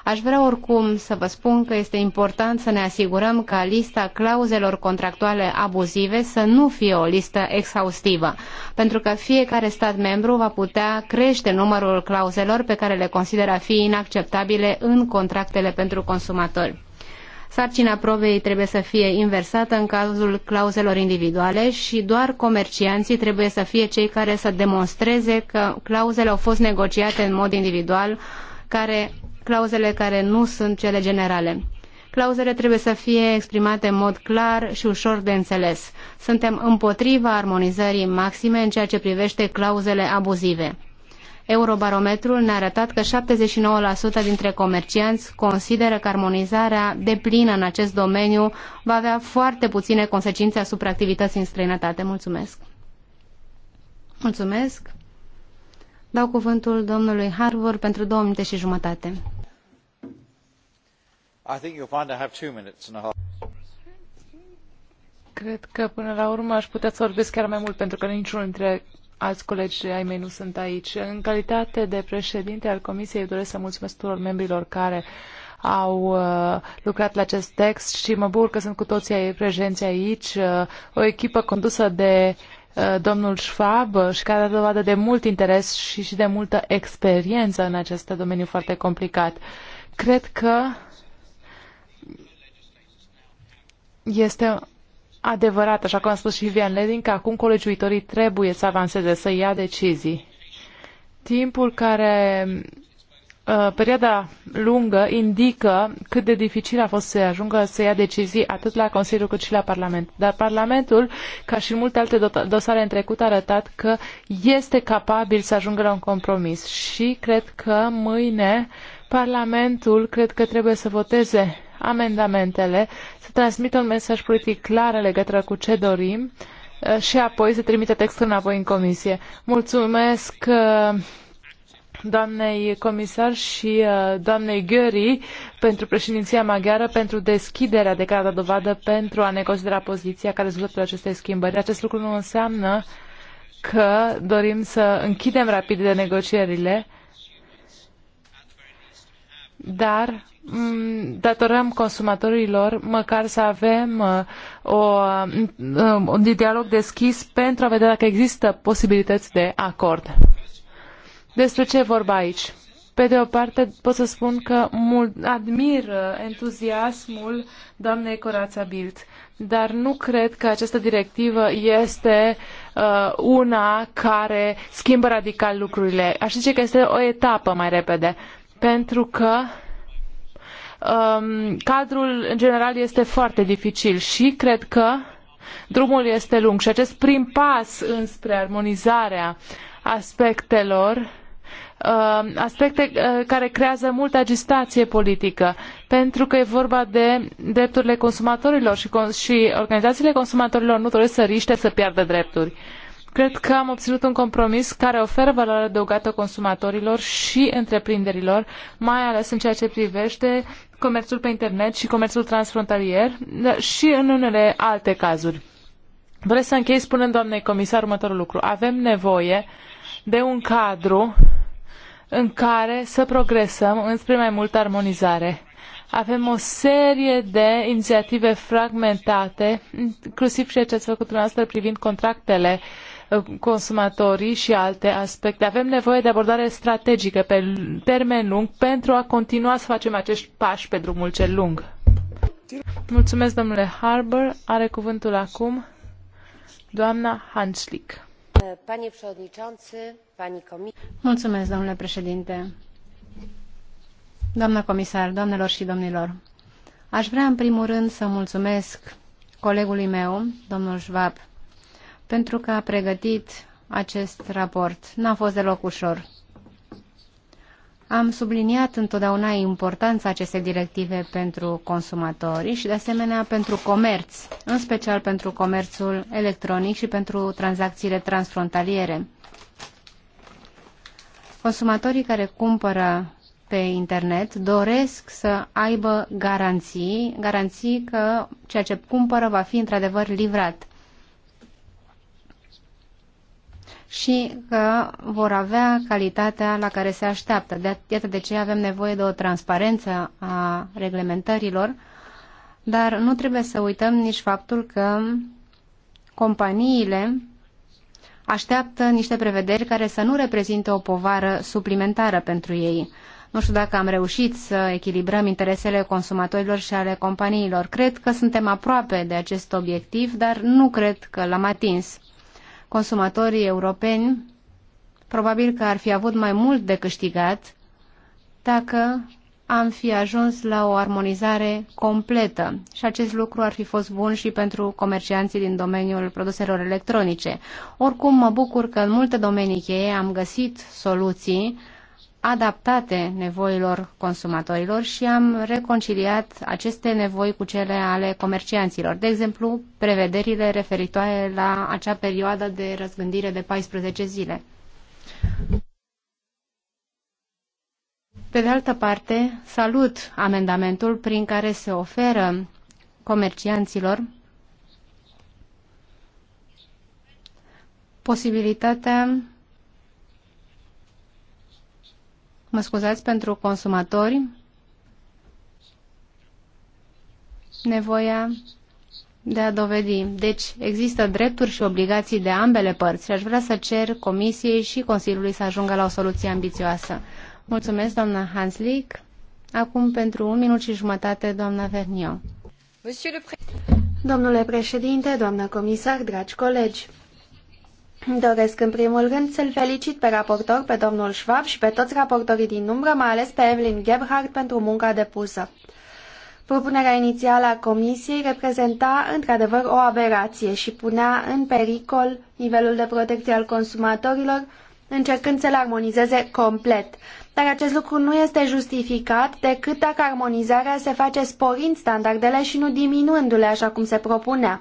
Aș vrea oricum să vă spun că este important să ne asigurăm ca lista clauzelor contractuale abuzive să nu fie o listă exhaustivă, pentru că fiecare stat membru va putea crește numărul clauzelor pe care le consideră a fi inacceptabile în contractele pentru consumatori. Sarcina provei trebuie să fie inversată în cazul clauzelor individuale și doar comercianții trebuie să fie cei care să demonstreze că clauzele au fost negociate în mod individual, care clauzele care nu sunt cele generale. Clauzele trebuie să fie exprimate în mod clar și ușor de înțeles. Suntem împotriva armonizării maxime în ceea ce privește clauzele abuzive. Eurobarometrul ne-a arătat că 79% dintre comercianți consideră că armonizarea deplină în acest domeniu va avea foarte puține consecințe asupra activității în străinătate. Mulțumesc! Mulțumesc! Dau cuvântul domnului Harvard pentru două minute și jumătate. Cred că până la urmă aș putea să vorbesc chiar mai mult, pentru că niciunul dintre alți colegi ai mei nu sunt aici. În calitate de președinte al Comisiei, eu doresc să mulțumesc tuturor membrilor care au uh, lucrat la acest text și mă bucur că sunt cu toții prezenți aici. Uh, o echipă condusă de uh, domnul Schwab și care a dovadă de mult interes și, și de multă experiență în acest domeniu foarte complicat. Cred că Este adevărat, așa cum a spus și Vivian Ledin, că acum colegiuitorii trebuie să avanseze, să ia decizii. Timpul care uh, perioada lungă indică cât de dificil a fost să ajungă să ia decizii atât la Consiliu cât și la Parlament. Dar Parlamentul, ca și multe alte dosare în trecut, a arătat că este capabil să ajungă la un compromis și cred că mâine Parlamentul cred că trebuie să voteze amendamentele transmită un mesaj politic clar în legătură cu ce dorim uh, și apoi se trimite textul înapoi în comisie. Mulțumesc uh, doamnei comisar și uh, doamnei Gheri pentru președinția maghiară, pentru deschiderea de care a dovadă pentru a ne considera poziția ca rezultatul acestei schimbări. Acest lucru nu înseamnă că dorim să închidem rapid de negocierile, dar mm, datorăm consumatorilor măcar să avem uh, o, mm, un dialog deschis pentru a vedea dacă există posibilități de acord. Despre ce e vorba aici? Pe de o parte pot să spun că mult, admir uh, entuziasmul doamnei Corața Bilt, dar nu cred că această directivă este uh, una care schimbă radical lucrurile. Aș zice că este o etapă mai repede pentru că um, cadrul în general este foarte dificil și cred că drumul este lung și acest prim pas înspre armonizarea aspectelor um, aspecte uh, care creează multă agitație politică, pentru că e vorba de drepturile consumatorilor și, și organizațiile consumatorilor nu doresc să riște să piardă drepturi. Uh, Cred că am obținut un compromis care oferă valoare adăugată consumatorilor și întreprinderilor, mai ales în ceea ce privește comerțul pe internet și comerțul transfrontalier dar și în unele alte cazuri. Vreau să închei spunând doamnei comisar următorul lucru. Avem nevoie de un cadru în care să progresăm înspre mai multă armonizare. Avem o serie de inițiative fragmentate, inclusiv ceea ce ați făcut dumneavoastră privind contractele uh, consumatorii și alte aspecte. Avem nevoie de abordare strategică pe termen lung pentru a continua să facem acești pași pe drumul cel lung. Mulțumesc, domnule Harbour. Are cuvântul acum doamna Hanslik. Mulțumesc, domnule președinte. Doamna comisar, doamnelor și domnilor, aș vrea în primul rând să mulțumesc colegului meu, domnul Schwab, pentru că a pregătit acest raport. N-a fost deloc ușor. Am subliniat întotdeauna importanța acestei directive pentru consumatori și, de asemenea, pentru comerț, în special pentru comerțul electronic și pentru tranzacțiile transfrontaliere. Consumatorii care cumpără pe internet doresc să aibă garanții, garanții că ceea ce cumpără va fi într-adevăr livrat. și că vor avea calitatea la care se așteaptă. De, iată de ce avem nevoie de o transparență a reglementărilor, dar nu trebuie să uităm nici faptul că companiile așteaptă niște prevederi care să nu reprezinte o povară suplimentară pentru ei. Nu știu dacă am reușit să echilibrăm interesele consumatorilor și ale companiilor. Cred că suntem aproape de acest obiectiv, dar nu cred că l-am atins consumatorii europeni probabil că ar fi avut mai mult de câștigat dacă am fi ajuns la o armonizare completă și acest lucru ar fi fost bun și pentru comercianții din domeniul produselor electronice. Oricum, mă bucur că în multe domenii cheie am găsit soluții adaptate nevoilor consumatorilor și am reconciliat aceste nevoi cu cele ale comercianților. De exemplu, prevederile referitoare la acea perioadă de răzgândire de 14 zile. Pe de altă parte, salut amendamentul prin care se oferă comercianților posibilitatea mă scuzați, pentru consumatori, nevoia de a dovedi. Deci există drepturi și obligații de ambele părți aș vrea să cer Comisiei și Consiliului să ajungă la o soluție ambițioasă. Mulțumesc, doamna Hanslick. Acum, pentru un minut și jumătate, doamna Vernio. Domnule președinte, doamna comisar, dragi colegi, Doresc în primul rând să-l felicit pe raportor, pe domnul Schwab și pe toți raportorii din umbră, mai ales pe Evelyn Gebhardt pentru munca depusă. Propunerea inițială a Comisiei reprezenta într-adevăr o aberație și punea în pericol nivelul de protecție al consumatorilor, încercând să-l armonizeze complet. Dar acest lucru nu este justificat decât dacă armonizarea se face sporind standardele și nu diminuându-le așa cum se propunea.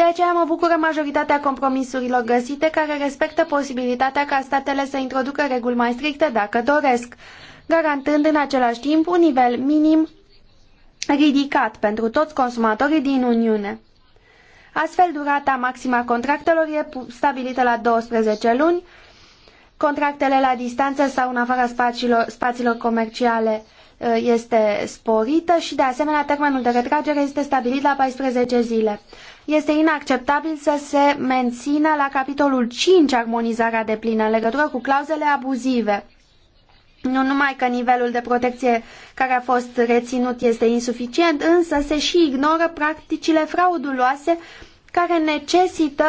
De aceea mă bucură majoritatea compromisurilor găsite care respectă posibilitatea ca statele să introducă reguli mai stricte dacă doresc, garantând în același timp un nivel minim ridicat pentru toți consumatorii din Uniune. Astfel, durata maximă a contractelor e stabilită la 12 luni, contractele la distanță sau în afara spațiilor, spațiilor comerciale uh, este sporită și, de asemenea, termenul de retragere este stabilit la 14 zile. Este inacceptabil să se mențină la capitolul 5 armonizarea de plină în legătură cu clauzele abuzive. Nu numai că nivelul de protecție care a fost reținut este insuficient, însă se și ignoră practicile frauduloase care necesită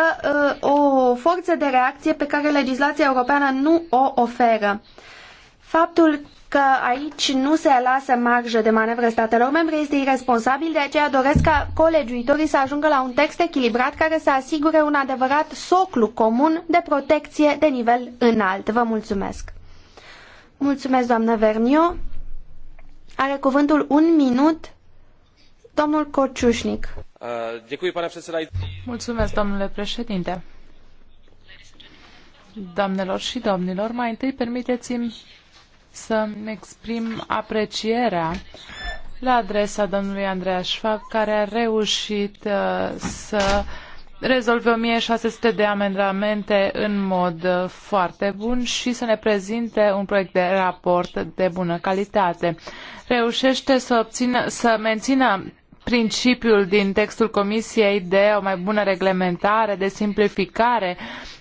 uh, o forță de reacție pe care legislația europeană nu o oferă. Faptul că aici nu se lasă marjă de manevră statelor membre este irresponsabil, de aceea doresc ca colegiuitorii să ajungă la un text echilibrat care să asigure un adevărat soclu comun de protecție de nivel înalt. Vă mulțumesc! Mulțumesc, doamnă Vernio. Are cuvântul un minut domnul Kociușnic. Mulțumesc, domnule președinte. Doamnelor și domnilor, mai întâi permiteți-mi să-mi exprim aprecierea la adresa domnului Andreea Schwab, care a reușit uh, să rezolve 1600 de amendamente în mod uh, foarte bun și să ne prezinte un proiect de raport de bună calitate. Reușește să, obțină, să mențină principiul din textul Comisiei de o mai bună reglementare, de simplificare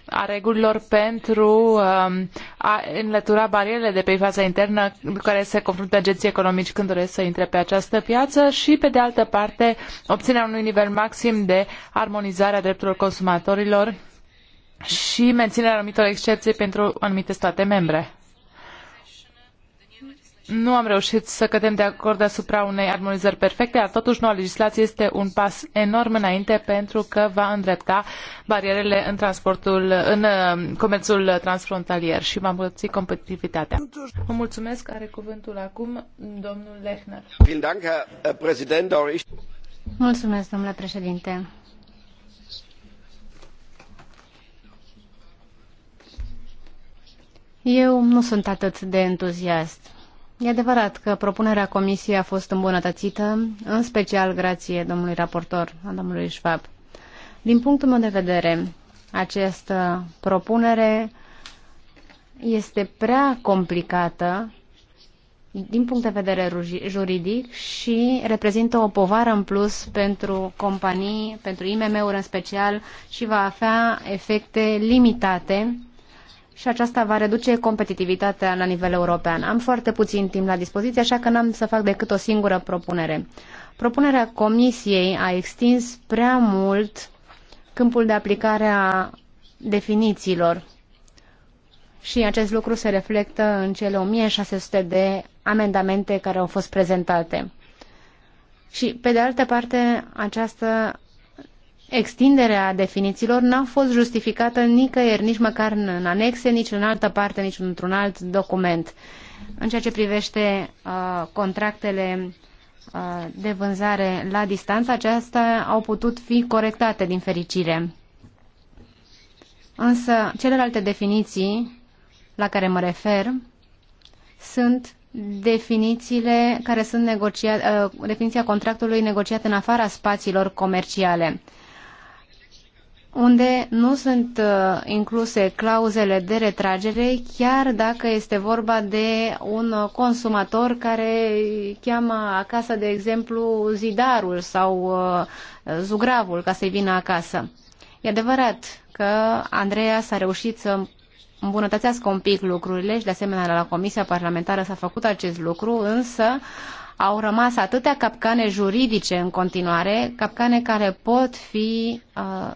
a regulilor pentru um, a înlătura barierele de pe piața internă cu care se confruntă agenții economici când doresc să intre pe această piață și, pe de altă parte, obținerea unui nivel maxim de armonizare a drepturilor consumatorilor și menținerea anumitor excepții pentru anumite state membre nu am reușit să cădem de acord asupra unei armonizări perfecte, dar totuși noua legislație este un pas enorm înainte pentru că va îndrepta barierele în transportul, în uh, comerțul transfrontalier și va îmbunătăți competitivitatea. Vă mulțumesc. Are cuvântul acum domnul Lechner. Mulțumesc, domnule președinte. Eu nu sunt atât de entuziast E adevărat că propunerea comisiei a fost îmbunătățită, în special grație domnului raportor, a domnului Schwab. Din punctul meu de vedere, această propunere este prea complicată din punct de vedere juridic și reprezintă o povară în plus pentru companii, pentru IMM-uri în special și va avea efecte limitate și aceasta va reduce competitivitatea la nivel european. Am foarte puțin timp la dispoziție, așa că n-am să fac decât o singură propunere. Propunerea Comisiei a extins prea mult câmpul de aplicare a definițiilor și acest lucru se reflectă în cele 1600 de amendamente care au fost prezentate. Și, pe de altă parte, această Extinderea definițiilor n-a fost justificată nicăieri, nici măcar în anexe, nici în altă parte, nici într-un alt document. În ceea ce privește uh, contractele uh, de vânzare la distanță, acestea au putut fi corectate, din fericire. Însă, celelalte definiții la care mă refer sunt definițiile care sunt negocia, uh, definiția contractului negociat în afara spațiilor comerciale unde nu sunt uh, incluse clauzele de retragere, chiar dacă este vorba de un uh, consumator care cheamă acasă, de exemplu, zidarul sau uh, zugravul ca să-i vină acasă. E adevărat că Andreea s-a reușit să îmbunătățească un pic lucrurile și de asemenea la Comisia Parlamentară s-a făcut acest lucru, însă au rămas atâtea capcane juridice în continuare, capcane care pot fi uh,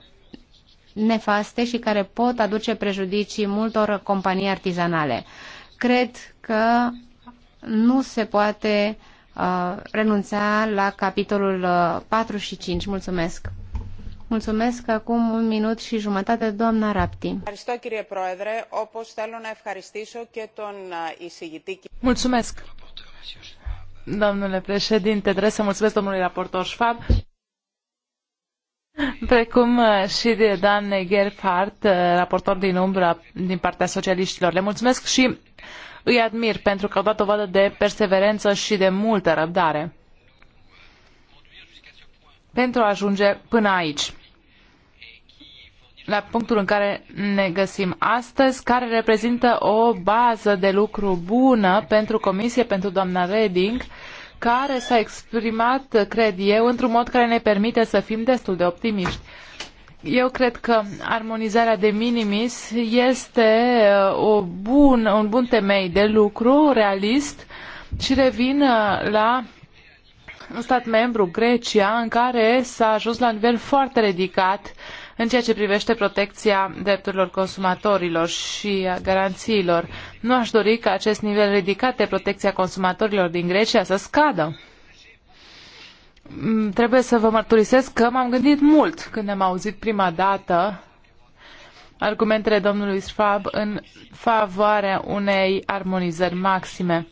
nefaste și care pot aduce prejudicii multor companii artizanale. Cred că nu se poate uh, renunța la capitolul uh, 4 și 5. Mulțumesc! Mulțumesc acum un minut și jumătate, doamna Rapti. Uh, mulțumesc, domnule președinte. Trebuie să mulțumesc domnului raportor Schwab precum uh, și de Dan Gerhardt, uh, raportor din umbră din partea socialiștilor. Le mulțumesc și îi admir pentru că au dat vadă de perseverență și de multă răbdare pentru a ajunge până aici la punctul în care ne găsim astăzi, care reprezintă o bază de lucru bună pentru Comisie, pentru doamna Reding, care s-a exprimat, cred eu, într-un mod care ne permite să fim destul de optimiști. Eu cred că armonizarea de minimis este uh, o bun, un bun temei de lucru realist și revin uh, la un stat membru, Grecia, în care s-a ajuns la un nivel foarte ridicat uh, în ceea ce privește protecția drepturilor consumatorilor și a garanțiilor. Nu aș dori ca acest nivel ridicat de protecția consumatorilor din Grecia să scadă. Mm, trebuie să vă mărturisesc că m-am gândit mult când am auzit prima dată argumentele domnului Schwab în favoarea unei armonizări maxime.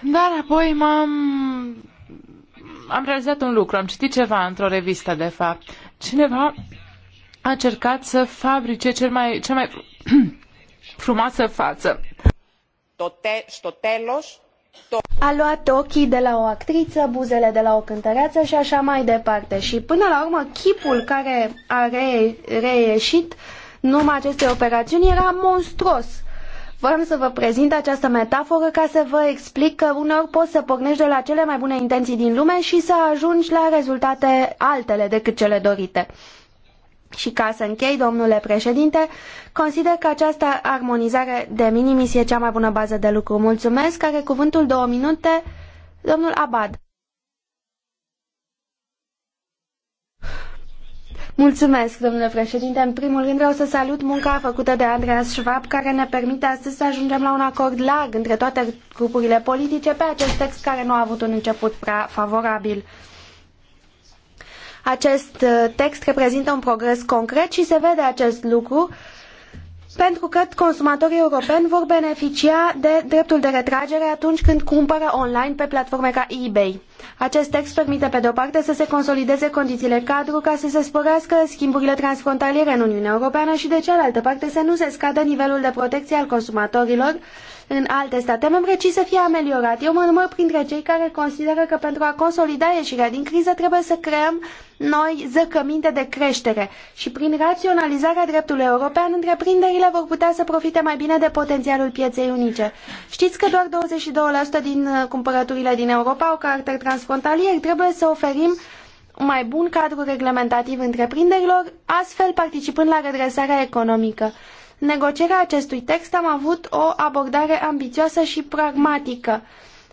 Dar apoi m-am am realizat un lucru, am citit ceva într-o revistă, de fapt. Cineva a încercat să fabrice cel mai, cel mai [CLEARS THROAT] frumoasă față. A luat ochii de la o actriță, buzele de la o cântăreață și așa mai departe. Și până la urmă, chipul care a re- reieșit în urma acestei operațiuni era monstruos. Vreau să vă prezint această metaforă ca să vă explic că uneori poți să pornești de la cele mai bune intenții din lume și să ajungi la rezultate altele decât cele dorite. Și ca să închei, domnule președinte, consider că această armonizare de minimis e cea mai bună bază de lucru. Mulțumesc, are cuvântul două minute, domnul Abad. Mulțumesc, domnule președinte. În primul rând vreau să salut munca făcută de Andreas Schwab, care ne permite astăzi să ajungem la un acord larg între toate grupurile politice pe acest text care nu a avut un început prea favorabil. Acest uh, text reprezintă un progres concret și se vede acest lucru uh, pentru că consumatorii europeni vor beneficia de dreptul de retragere atunci când cumpără online pe platforme ca eBay. Acest text permite, pe de-o parte, să se consolideze condițiile cadru ca să se sporească schimburile transfrontaliere în Uniunea Europeană și, de cealaltă parte, să nu se scadă nivelul de protecție al consumatorilor în alte state membre, ci să fie ameliorat. Eu mă număr printre cei care consideră că pentru a consolida ieșirea din criză trebuie să creăm noi zăcăminte de creștere și prin raționalizarea dreptului european, întreprinderile vor putea să profite mai bine de potențialul pieței unice. Știți că doar 22% din uh, cumpărăturile din Europa au caracter transfrontalier, trebuie să oferim un mai bun cadru reglementativ întreprinderilor, astfel participând la redresarea economică negocierea acestui text am avut o abordare ambițioasă și pragmatică.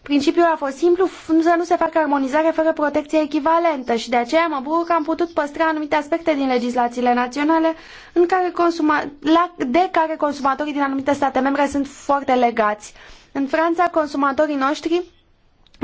Principiul a fost simplu, să nu se facă armonizare fără protecție echivalentă și de aceea mă bucur că am putut păstra anumite aspecte din legislațiile naționale în care consuma, la, de care consumatorii din anumite state membre sunt foarte legați. În Franța, consumatorii noștri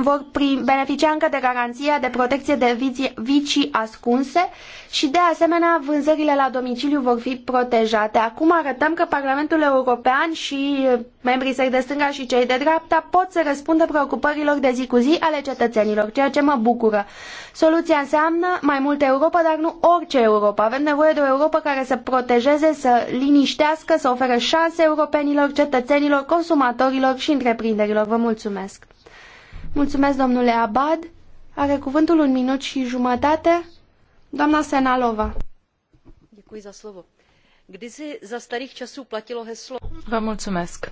vor beneficia încă de garanția de protecție de vicii ascunse și, de asemenea, vânzările la domiciliu vor fi protejate. Acum arătăm că Parlamentul European și eh, membrii săi de stânga și cei de dreapta pot să răspundă preocupărilor de zi cu zi ale cetățenilor, ceea ce mă bucură. Soluția înseamnă mai multă Europa, dar nu orice Europa. Avem nevoie de o Europa care să protejeze, să liniștească, să ofere șanse europenilor, cetățenilor, consumatorilor și întreprinderilor. Vă mulțumesc! Mulțumesc, domnule Abad. Are cuvântul un minut și jumătate. Doamna Senalova. Děkuji za slovo. Kdysi za starých časů platilo heslo... Vă mulțumesc.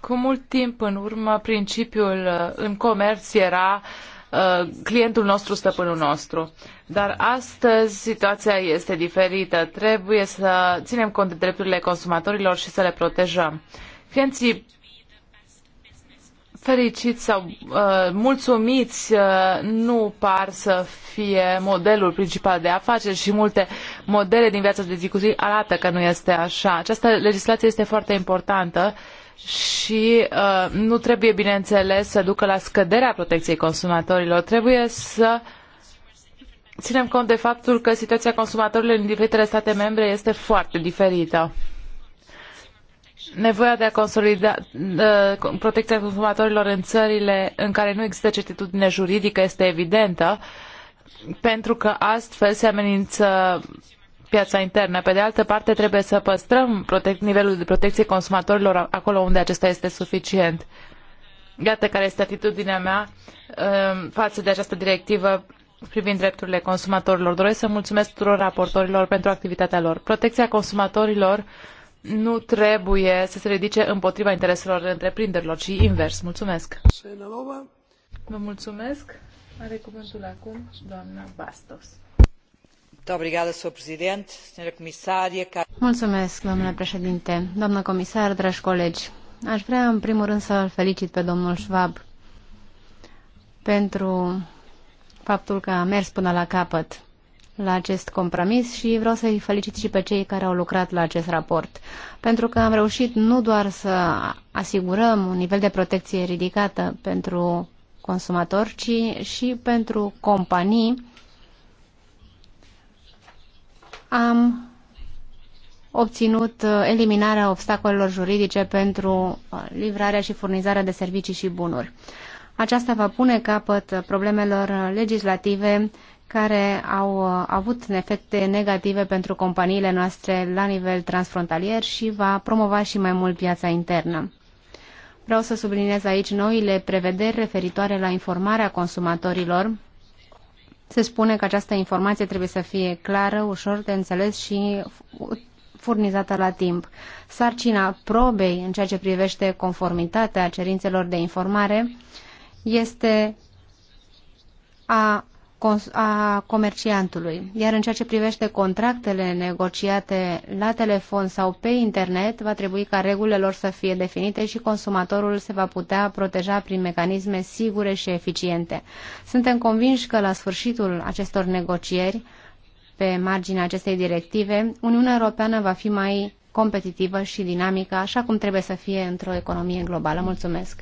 Cu mult timp în urmă, principiul uh, în comerț era uh, clientul nostru, stăpânul nostru. Dar astăzi situația este diferită. Trebuie să ținem cont de drepturile consumatorilor și să le protejăm. Clienții fericiți sau uh, mulțumiți uh, nu par să fie modelul principal de afaceri și multe modele din viața de zi cu zi arată că nu este așa. Această legislație este foarte importantă și uh, nu trebuie, bineînțeles, să ducă la scăderea protecției consumatorilor. Trebuie să ținem cont de faptul că situația consumatorilor în diferitele state membre este foarte diferită nevoia de a consolida protecția consumatorilor în țările în care nu există certitudine juridică este evidentă, pentru că astfel se amenință piața internă. Pe de altă parte, trebuie să păstrăm nivelul de protecție consumatorilor acolo unde acesta este suficient. Iată care este atitudinea mea um, față de această directivă privind drepturile consumatorilor. Doresc să mulțumesc tuturor raportorilor pentru activitatea lor. Protecția consumatorilor nu trebuie să se ridice împotriva intereselor întreprinderilor, ci invers. Mulțumesc! Vă mulțumesc! Are cuvântul acum doamna Bastos. Mulțumesc, domnule președinte, doamnă comisar, dragi colegi. Aș vrea, în primul rând, să-l felicit pe domnul Schwab pentru faptul că a mers până la capăt la acest compromis și vreau să-i felicit și pe cei care au lucrat la acest raport, pentru că am reușit nu doar să asigurăm un nivel de protecție ridicată pentru consumatori, ci și pentru companii. Am obținut uh, eliminarea obstacolelor juridice pentru uh, livrarea și furnizarea de servicii și bunuri. Aceasta va pune capăt problemelor legislative care au uh, avut efecte negative pentru companiile noastre la nivel transfrontalier și va promova și mai mult piața internă. Vreau să subliniez aici noile prevederi referitoare la informarea consumatorilor. Se spune că această informație trebuie să fie clară, ușor de înțeles și furnizată la timp. Sarcina probei în ceea ce privește conformitatea cerințelor de informare este a a comerciantului. Iar în ceea ce privește contractele negociate la telefon sau pe internet, va trebui ca regulile lor să fie definite și consumatorul se va putea proteja prin mecanisme sigure și eficiente. Suntem convinși că la sfârșitul acestor negocieri, pe marginea acestei directive, Uniunea Europeană va fi mai competitivă și dinamică, așa cum trebuie să fie într-o economie globală. Mulțumesc!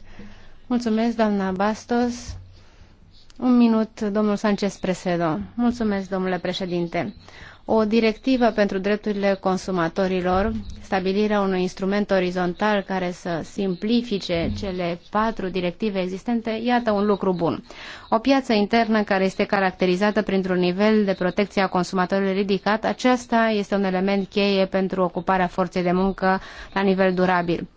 Mulțumesc, doamna Bastos! Un minut, domnul Sanchez Presedo. Mulțumesc, domnule președinte. O directivă pentru drepturile consumatorilor, stabilirea unui instrument orizontal care să simplifice cele patru directive existente, iată un lucru bun. O piață internă care este caracterizată printr-un nivel de protecție a consumatorilor ridicat, aceasta este un element cheie pentru ocuparea forței de muncă la nivel durabil.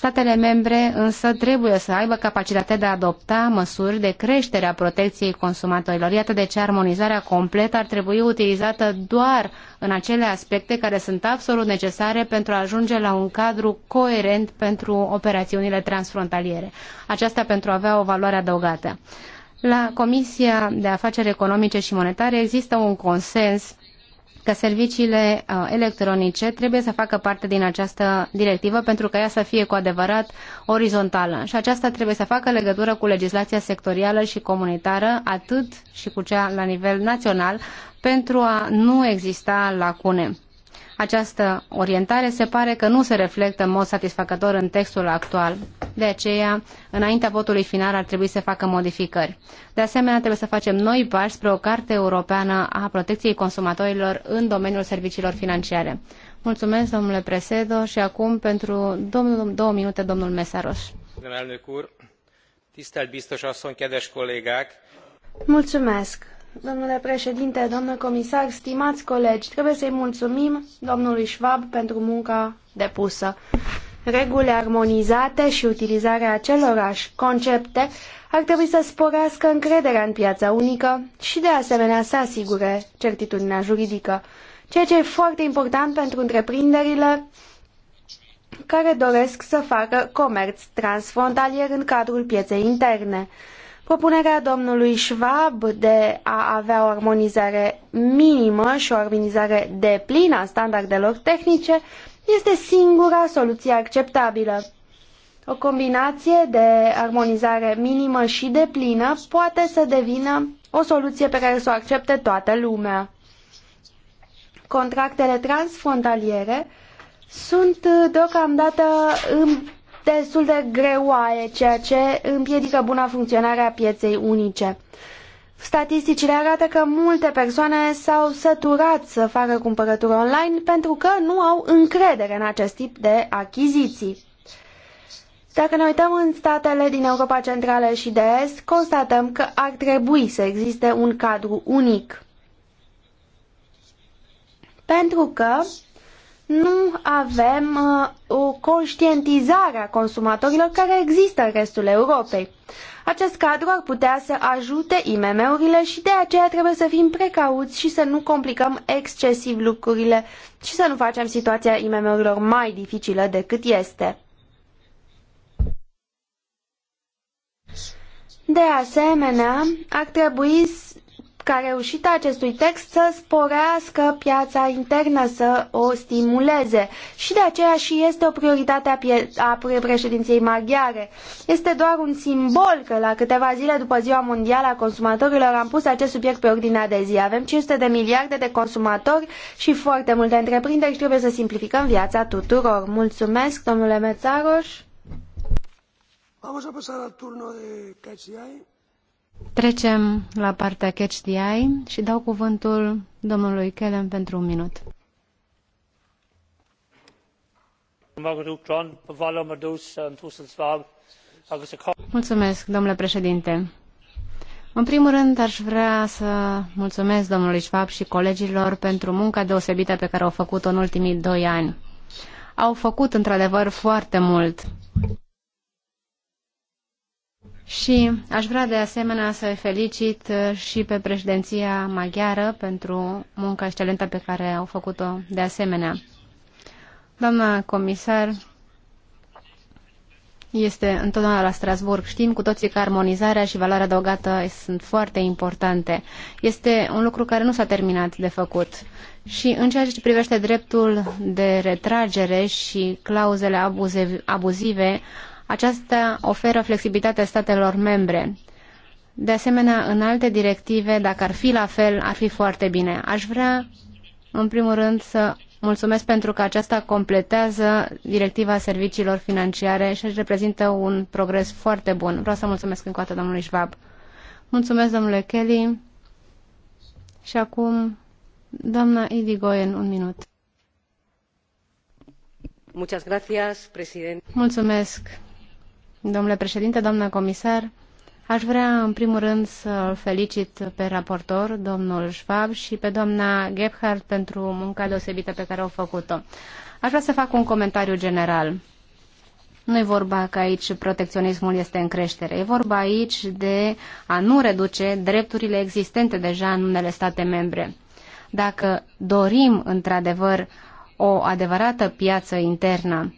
Statele membre însă trebuie să aibă capacitatea de a adopta măsuri de creștere a protecției consumatorilor. Iată de ce armonizarea completă ar trebui utilizată doar în acele aspecte care sunt absolut necesare pentru a ajunge la un cadru coerent pentru operațiunile transfrontaliere. Aceasta pentru a avea o valoare adăugată. La Comisia de Afaceri Economice și Monetare există un consens că serviciile uh, electronice trebuie să facă parte din această directivă pentru ca ea să fie cu adevărat orizontală și aceasta trebuie să facă legătură cu legislația sectorială și comunitară, atât și cu cea la nivel național, pentru a nu exista lacune. Această orientare se pare că nu se reflectă în mod satisfăcător în textul actual. De aceea, înaintea votului final ar trebui să facă modificări. De asemenea, trebuie să facem noi pași spre o carte europeană a protecției consumatorilor în domeniul serviciilor financiare. Mulțumesc, domnule Presedo, și acum pentru domnul, două minute, domnul Mesaros. Mulțumesc! Domnule președinte, domnule comisar, stimați colegi, trebuie să-i mulțumim domnului Schwab pentru munca depusă. Regule armonizate și utilizarea acelorași concepte ar trebui să sporească încrederea în piața unică și de asemenea să asigure certitudinea juridică, ceea ce e foarte important pentru întreprinderile care doresc să facă comerț transfrontalier în cadrul pieței interne. Propunerea domnului Schwab de a avea o armonizare minimă și o armonizare deplină a standardelor tehnice este singura soluție acceptabilă. O combinație de armonizare minimă și deplină poate să devină o soluție pe care să o accepte toată lumea. Contractele transfrontaliere sunt deocamdată destul de greoaie, ceea ce împiedică buna funcționare a pieței unice. Statisticile arată că multe persoane s-au săturat să facă cumpărături online pentru că nu au încredere în acest tip de achiziții. Dacă ne uităm în statele din Europa Centrală și de Est, constatăm că ar trebui să existe un cadru unic. Pentru că nu avem uh, o conștientizare a consumatorilor care există în restul Europei. Acest cadru ar putea să ajute IMM-urile și de aceea trebuie să fim precauți și să nu complicăm excesiv lucrurile și să nu facem situația IMM-urilor mai dificilă decât este. De asemenea, ar trebui ca reușita acestui text să sporească piața internă, să o stimuleze și de aceea și este o prioritate a, a președinției maghiare. Este doar un simbol că la câteva zile după Ziua Mondială a Consumatorilor am pus acest subiect pe ordinea de zi. Avem 500 de miliarde de consumatori și foarte multe întreprinderi și trebuie să simplificăm viața tuturor. Mulțumesc, domnule Mețaroș. Vamos a pasar al turno de Cachiai. Trecem la partea Catch the Eye și dau cuvântul domnului Kellen pentru un minut. Mulțumesc, domnule președinte. În primul rând, aș vrea să mulțumesc domnului Schwab și colegilor pentru munca deosebită pe care au făcut-o în ultimii doi ani. Au făcut, într-adevăr, foarte mult. Și aș vrea de asemenea să felicit uh, și pe președinția maghiară pentru munca excelentă pe care au făcut-o de asemenea. Doamna comisar este întotdeauna la Strasburg. Știm cu toții că armonizarea și valoarea adăugată sunt foarte importante. Este un lucru care nu s-a terminat de făcut. Și în ceea ce privește dreptul de retragere și clauzele abuzive, aceasta oferă flexibilitate statelor membre. De asemenea, în alte directive, dacă ar fi la fel, ar fi foarte bine. Aș vrea, în primul rând, să mulțumesc pentru că aceasta completează directiva serviciilor financiare și reprezintă un progres foarte bun. Vreau să mulțumesc încă o dată domnului Schwab. Mulțumesc, domnule Kelly. Și acum, doamna Idigoyen, un minut. Mulțumesc, Mulțumesc, Domnule președinte, doamnă comisar, aș vrea în primul rând să felicit pe raportor, domnul Schwab, și pe doamna Gebhardt pentru munca deosebită pe care au făcut-o. Aș vrea să fac un comentariu general. Nu e vorba că aici protecționismul este în creștere. E vorba aici de a nu reduce drepturile existente deja în unele state membre. Dacă dorim într-adevăr o adevărată piață internă,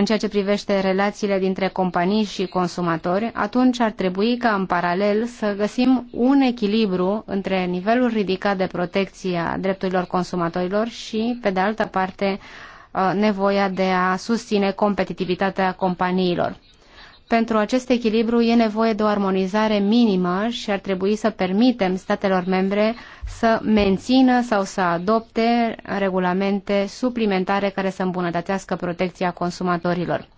în ceea ce privește relațiile dintre companii și consumatori, atunci ar trebui ca în paralel să găsim un echilibru între nivelul ridicat de protecție a drepturilor consumatorilor și, pe de altă parte, uh, nevoia de a susține competitivitatea companiilor pentru acest echilibru e nevoie de o armonizare minimă și ar trebui să permitem statelor membre să mențină sau să adopte regulamente suplimentare care să îmbunătățească protecția consumatorilor.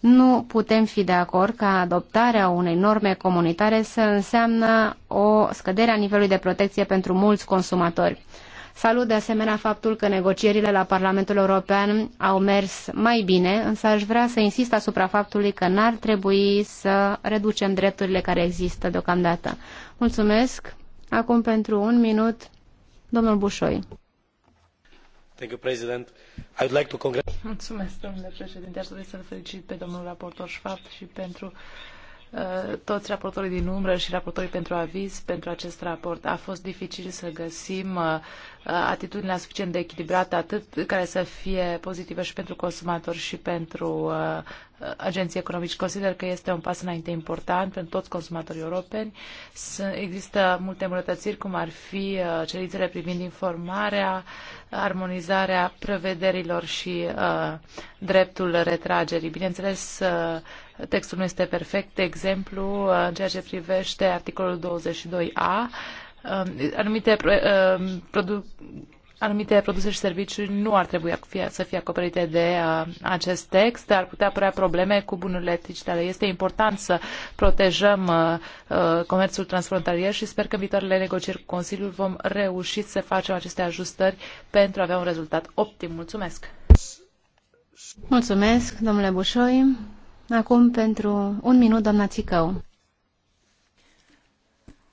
Nu putem fi de acord ca adoptarea unei norme comunitare să înseamnă o scădere a nivelului de protecție pentru mulți consumatori. Salut de asemenea faptul că negocierile la Parlamentul European au mers mai bine, însă aș vrea să insist asupra faptului că n-ar trebui să reducem drepturile care există deocamdată. Mulțumesc. Acum pentru un minut, domnul Bușoi. Mulțumesc, domnule președinte. Aș dori să-l felicit pe domnul raportor Schwab și pentru uh, toți raportorii din umbră și raportorii pentru aviz pentru acest raport. A fost dificil să găsim uh, atitudinea suficient de echilibrată, atât care să fie pozitivă și pentru consumatori și pentru uh, agenții economici. Consider că este un pas înainte important pentru toți consumatorii europeni. Există multe îmbunătățiri, cum ar fi uh, cerințele privind informarea, armonizarea prevederilor și uh, dreptul retragerii. Bineînțeles, uh, textul nu este perfect. De exemplu, uh, în ceea ce privește articolul 22a, Um, anumite, um, produ- anumite produse și servicii nu ar trebui să fie acoperite de uh, acest text, ar putea apărea probleme cu bunurile digitale. Este important să protejăm uh, uh, comerțul transfrontalier și sper că în viitoarele negocieri cu Consiliul vom reuși să facem aceste ajustări pentru a avea un rezultat optim. Mulțumesc! Mulțumesc, domnule Bușoi. Acum, pentru un minut, doamna Țicău.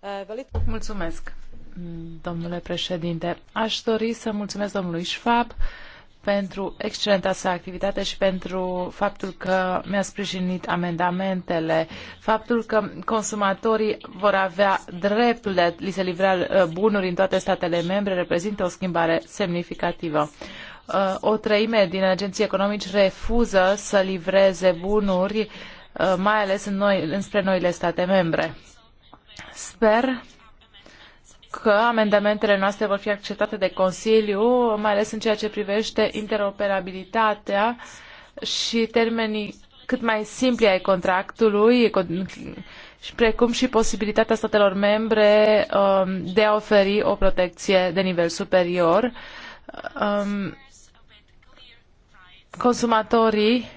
Eh, mulțumesc, domnule președinte. Aș dori să mulțumesc domnului Schwab pentru excelenta sa activitate și pentru faptul că mi-a sprijinit amendamentele, faptul că consumatorii vor avea dreptul de a li se livra eh, bunuri în toate statele membre reprezintă o schimbare semnificativă. Eh, o treime din agenții economici refuză să livreze bunuri uh, Uh, mai ales în noi, înspre noile state membre. Sper că amendamentele noastre vor fi acceptate de Consiliu, mai ales în ceea ce privește interoperabilitatea și termenii cât mai simpli ai contractului, precum și posibilitatea statelor membre um, de a oferi o protecție de nivel superior. Um, consumatorii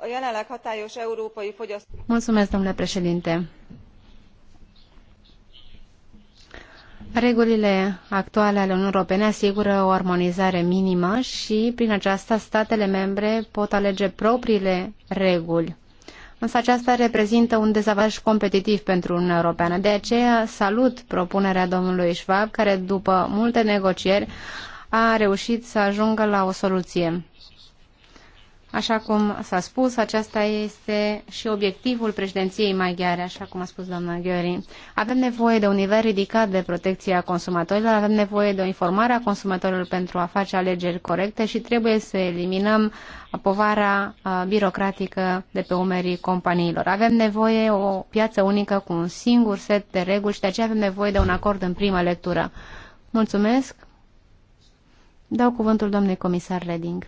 a jelenleg hatályos európai fogyasztói. Regulile actuale ale Uniunii Europene asigură o armonizare minimă și prin aceasta statele membre pot alege propriile reguli. Însă aceasta reprezintă un dezavantaj competitiv pentru Uniunea Europeană. De aceea salut propunerea domnului Schwab, care după multe negocieri a reușit să ajungă la o soluție. Așa cum s-a spus, acesta este și obiectivul președinției maghiare, așa cum a spus doamna Gheori. Avem nevoie de un nivel ridicat de protecție a consumatorilor, avem nevoie de o informare a consumatorilor pentru a face alegeri corecte și trebuie să eliminăm povara birocratică de pe umerii companiilor. Avem nevoie o piață unică cu un singur set de reguli și de aceea avem nevoie de un acord în prima lectură. Mulțumesc! Dau cuvântul doamnei comisar Reding.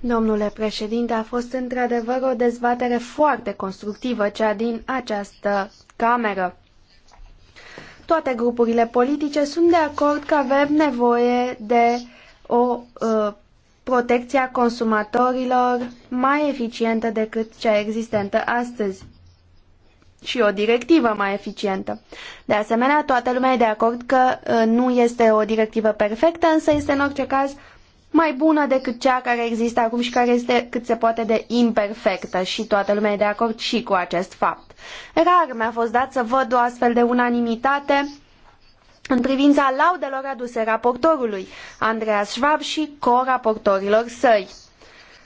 Domnule președinte, a fost într-adevăr o dezbatere foarte constructivă cea din această cameră. Toate grupurile politice sunt de acord că avem nevoie de o uh, protecție a consumatorilor mai eficientă decât cea existentă astăzi și o directivă mai eficientă. De asemenea, toată lumea e de acord că uh, nu este o directivă perfectă, însă este în orice caz mai bună decât cea care există acum și care este cât se poate de imperfectă și toată lumea e de acord și cu acest fapt. Rar mi-a fost dat să văd o astfel de unanimitate în privința laudelor aduse raportorului Andreas Schwab și co-raportorilor săi.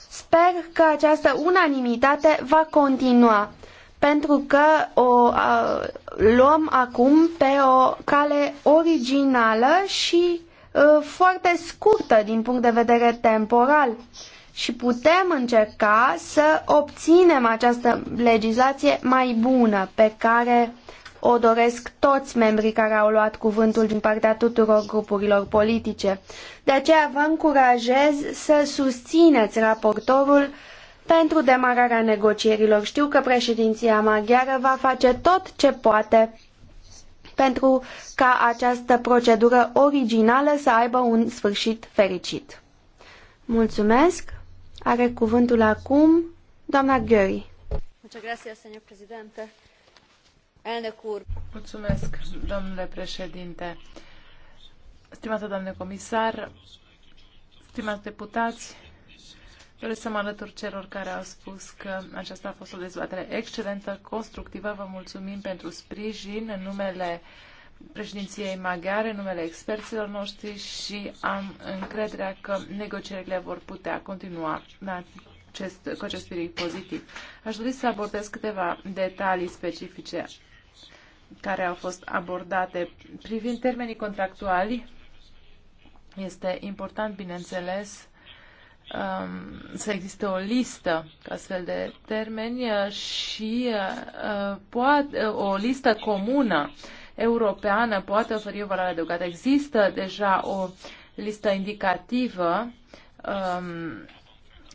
Sper că această unanimitate va continua pentru că o a, luăm acum pe o cale originală și Uh, foarte scurtă din punct de vedere temporal și putem încerca să obținem această legislație mai bună pe care o doresc toți membrii care au luat cuvântul din partea tuturor grupurilor politice. De aceea vă încurajez să susțineți raportorul pentru demararea negocierilor. Știu că președinția maghiară va face tot ce poate pentru ca această procedură originală să aibă un sfârșit fericit. Mulțumesc. Are cuvântul acum doamna Gheri. Mulțumesc, domnule președinte. Stimată doamne comisar, stimați deputați, Doresc să mă alătur celor care au spus că aceasta a fost o dezbatere excelentă, constructivă. Vă mulțumim pentru sprijin în numele președinției maghiare, în numele experților noștri și am încrederea că negocierile vor putea continua la acest, cu acest spirit pozitiv. Aș dori să abordez câteva detalii specifice care au fost abordate privind termenii contractuali. Este important, bineînțeles, Um, să existe o listă cu astfel de termeni uh, și uh, poate, uh, o listă comună europeană poate oferi o valoare adăugată. Există deja o listă indicativă um,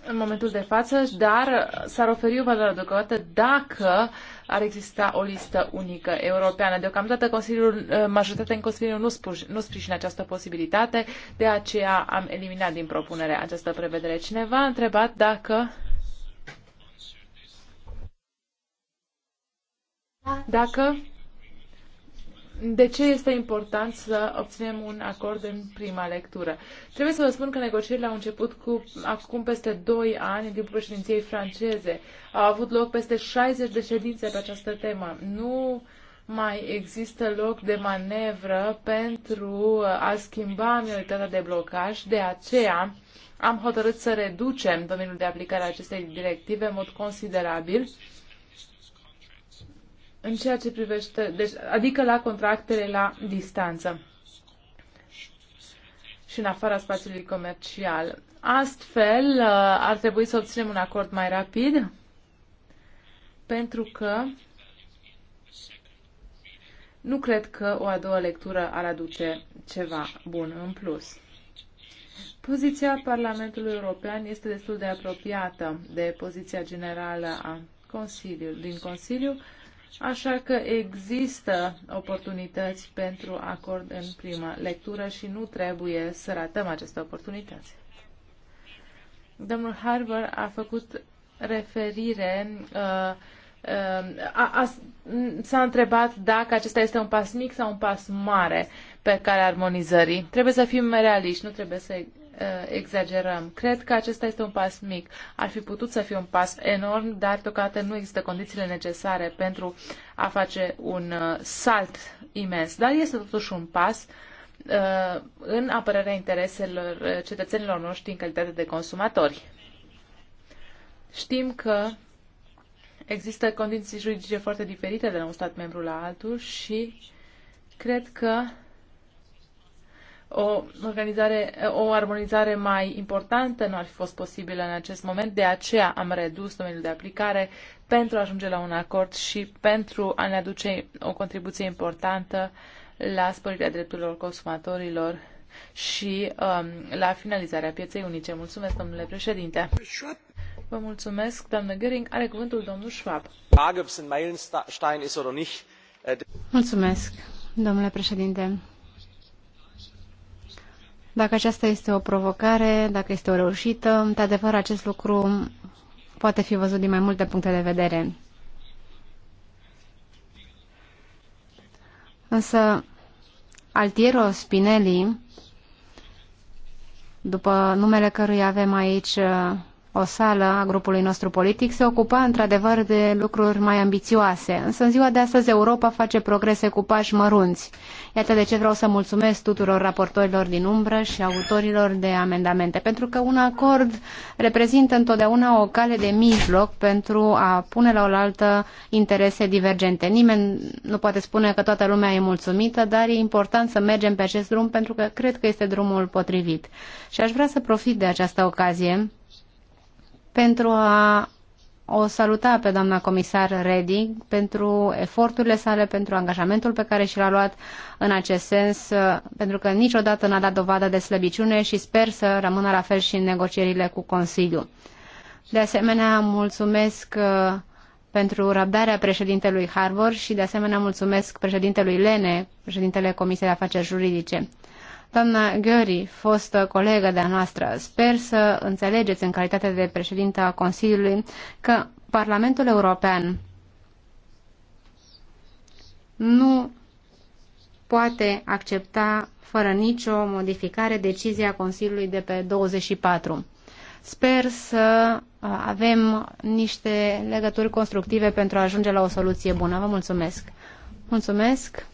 în momentul de față, dar s-ar oferi o valoare adăugată dacă ar exista o listă unică europeană. Deocamdată Consiliul, eh, majoritatea în Consiliu nu, spuși, nu sprijină această posibilitate, de aceea am eliminat din propunere această prevedere. Cineva a întrebat dacă dacă de ce este important să obținem un acord în prima lectură? Trebuie să vă spun că negocierile au început cu acum peste 2 ani în timpul președinției franceze. Au avut loc peste 60 de ședințe pe această temă. Nu mai există loc de manevră pentru a schimba minoritatea de blocaj, de aceea am hotărât să reducem domeniul de aplicare a acestei directive în mod considerabil în ceea ce privește, deci, adică la contractele la distanță și în afara spațiului comercial. Astfel, uh, ar trebui să obținem un acord mai rapid, pentru că nu cred că o a doua lectură ar aduce ceva bun în plus. Poziția Parlamentului European este destul de apropiată de poziția generală a Consiliului, din Consiliu, Așa că există oportunități pentru acord în prima lectură și nu trebuie să ratăm aceste oportunități. Domnul Harbour a făcut referire, uh, uh, s-a întrebat dacă acesta este un pas mic sau un pas mare pe care armonizării. Trebuie să fim realiști, nu trebuie să Uh, exagerăm. Cred că acesta este un pas mic. Ar fi putut să fie un pas enorm, dar deocamdată nu există condițiile necesare pentru a face un uh, salt imens. Dar este totuși un pas uh, în apărarea intereselor cetățenilor noștri în calitate de consumatori. Știm că există condiții juridice foarte diferite de la un stat membru la altul și cred că o organizare, o armonizare mai importantă nu ar fi fost posibilă în acest moment, de aceea am redus domeniul de aplicare pentru a ajunge la un acord și pentru a ne aduce o contribuție importantă la sporirea drepturilor consumatorilor și um, la finalizarea pieței unice. Mulțumesc, domnule președinte. Vă mulțumesc, doamnă Göring. Are cuvântul domnul Schwab. Äh, mulțumesc, domnule președinte. Dacă aceasta este o provocare, dacă este o reușită, într-adevăr acest lucru poate fi văzut din mai multe puncte de vedere. Însă Altiero Spinelli, după numele căruia avem aici o sală a grupului nostru politic, se ocupa într-adevăr de lucruri mai ambițioase. Însă în ziua de astăzi Europa face progrese cu pași mărunți. Iată de ce vreau să mulțumesc tuturor raportorilor din umbră și autorilor de amendamente, pentru că un acord reprezintă întotdeauna o cale de mijloc pentru a pune la oaltă interese divergente. Nimeni nu poate spune că toată lumea e mulțumită, dar e important să mergem pe acest drum pentru că cred că este drumul potrivit. Și aș vrea să profit de această ocazie pentru a o saluta pe doamna comisar Reding pentru eforturile sale, pentru angajamentul pe care și l-a luat în acest sens, pentru că niciodată n-a dat dovadă de slăbiciune și sper să rămână la fel și în negocierile cu Consiliul. De asemenea, mulțumesc uh, pentru răbdarea președintelui Harvard și de asemenea mulțumesc președintelui Lene, președintele Comisiei de Afaceri Juridice. Doamna Gheori, fostă colegă de-a noastră, sper să înțelegeți în calitate de președinte a Consiliului că Parlamentul European nu poate accepta fără nicio modificare decizia Consiliului de pe 24. Sper să uh, avem niște legături constructive pentru a ajunge la o soluție bună. Vă mulțumesc! Mulțumesc!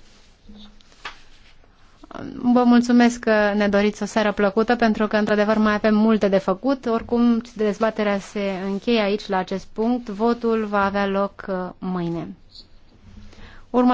Vă mulțumesc că ne doriți o seară plăcută, pentru că, într-adevăr, mai avem multe de făcut. Oricum, dezbaterea se încheie aici, la acest punct. Votul va avea loc uh, mâine. Urmă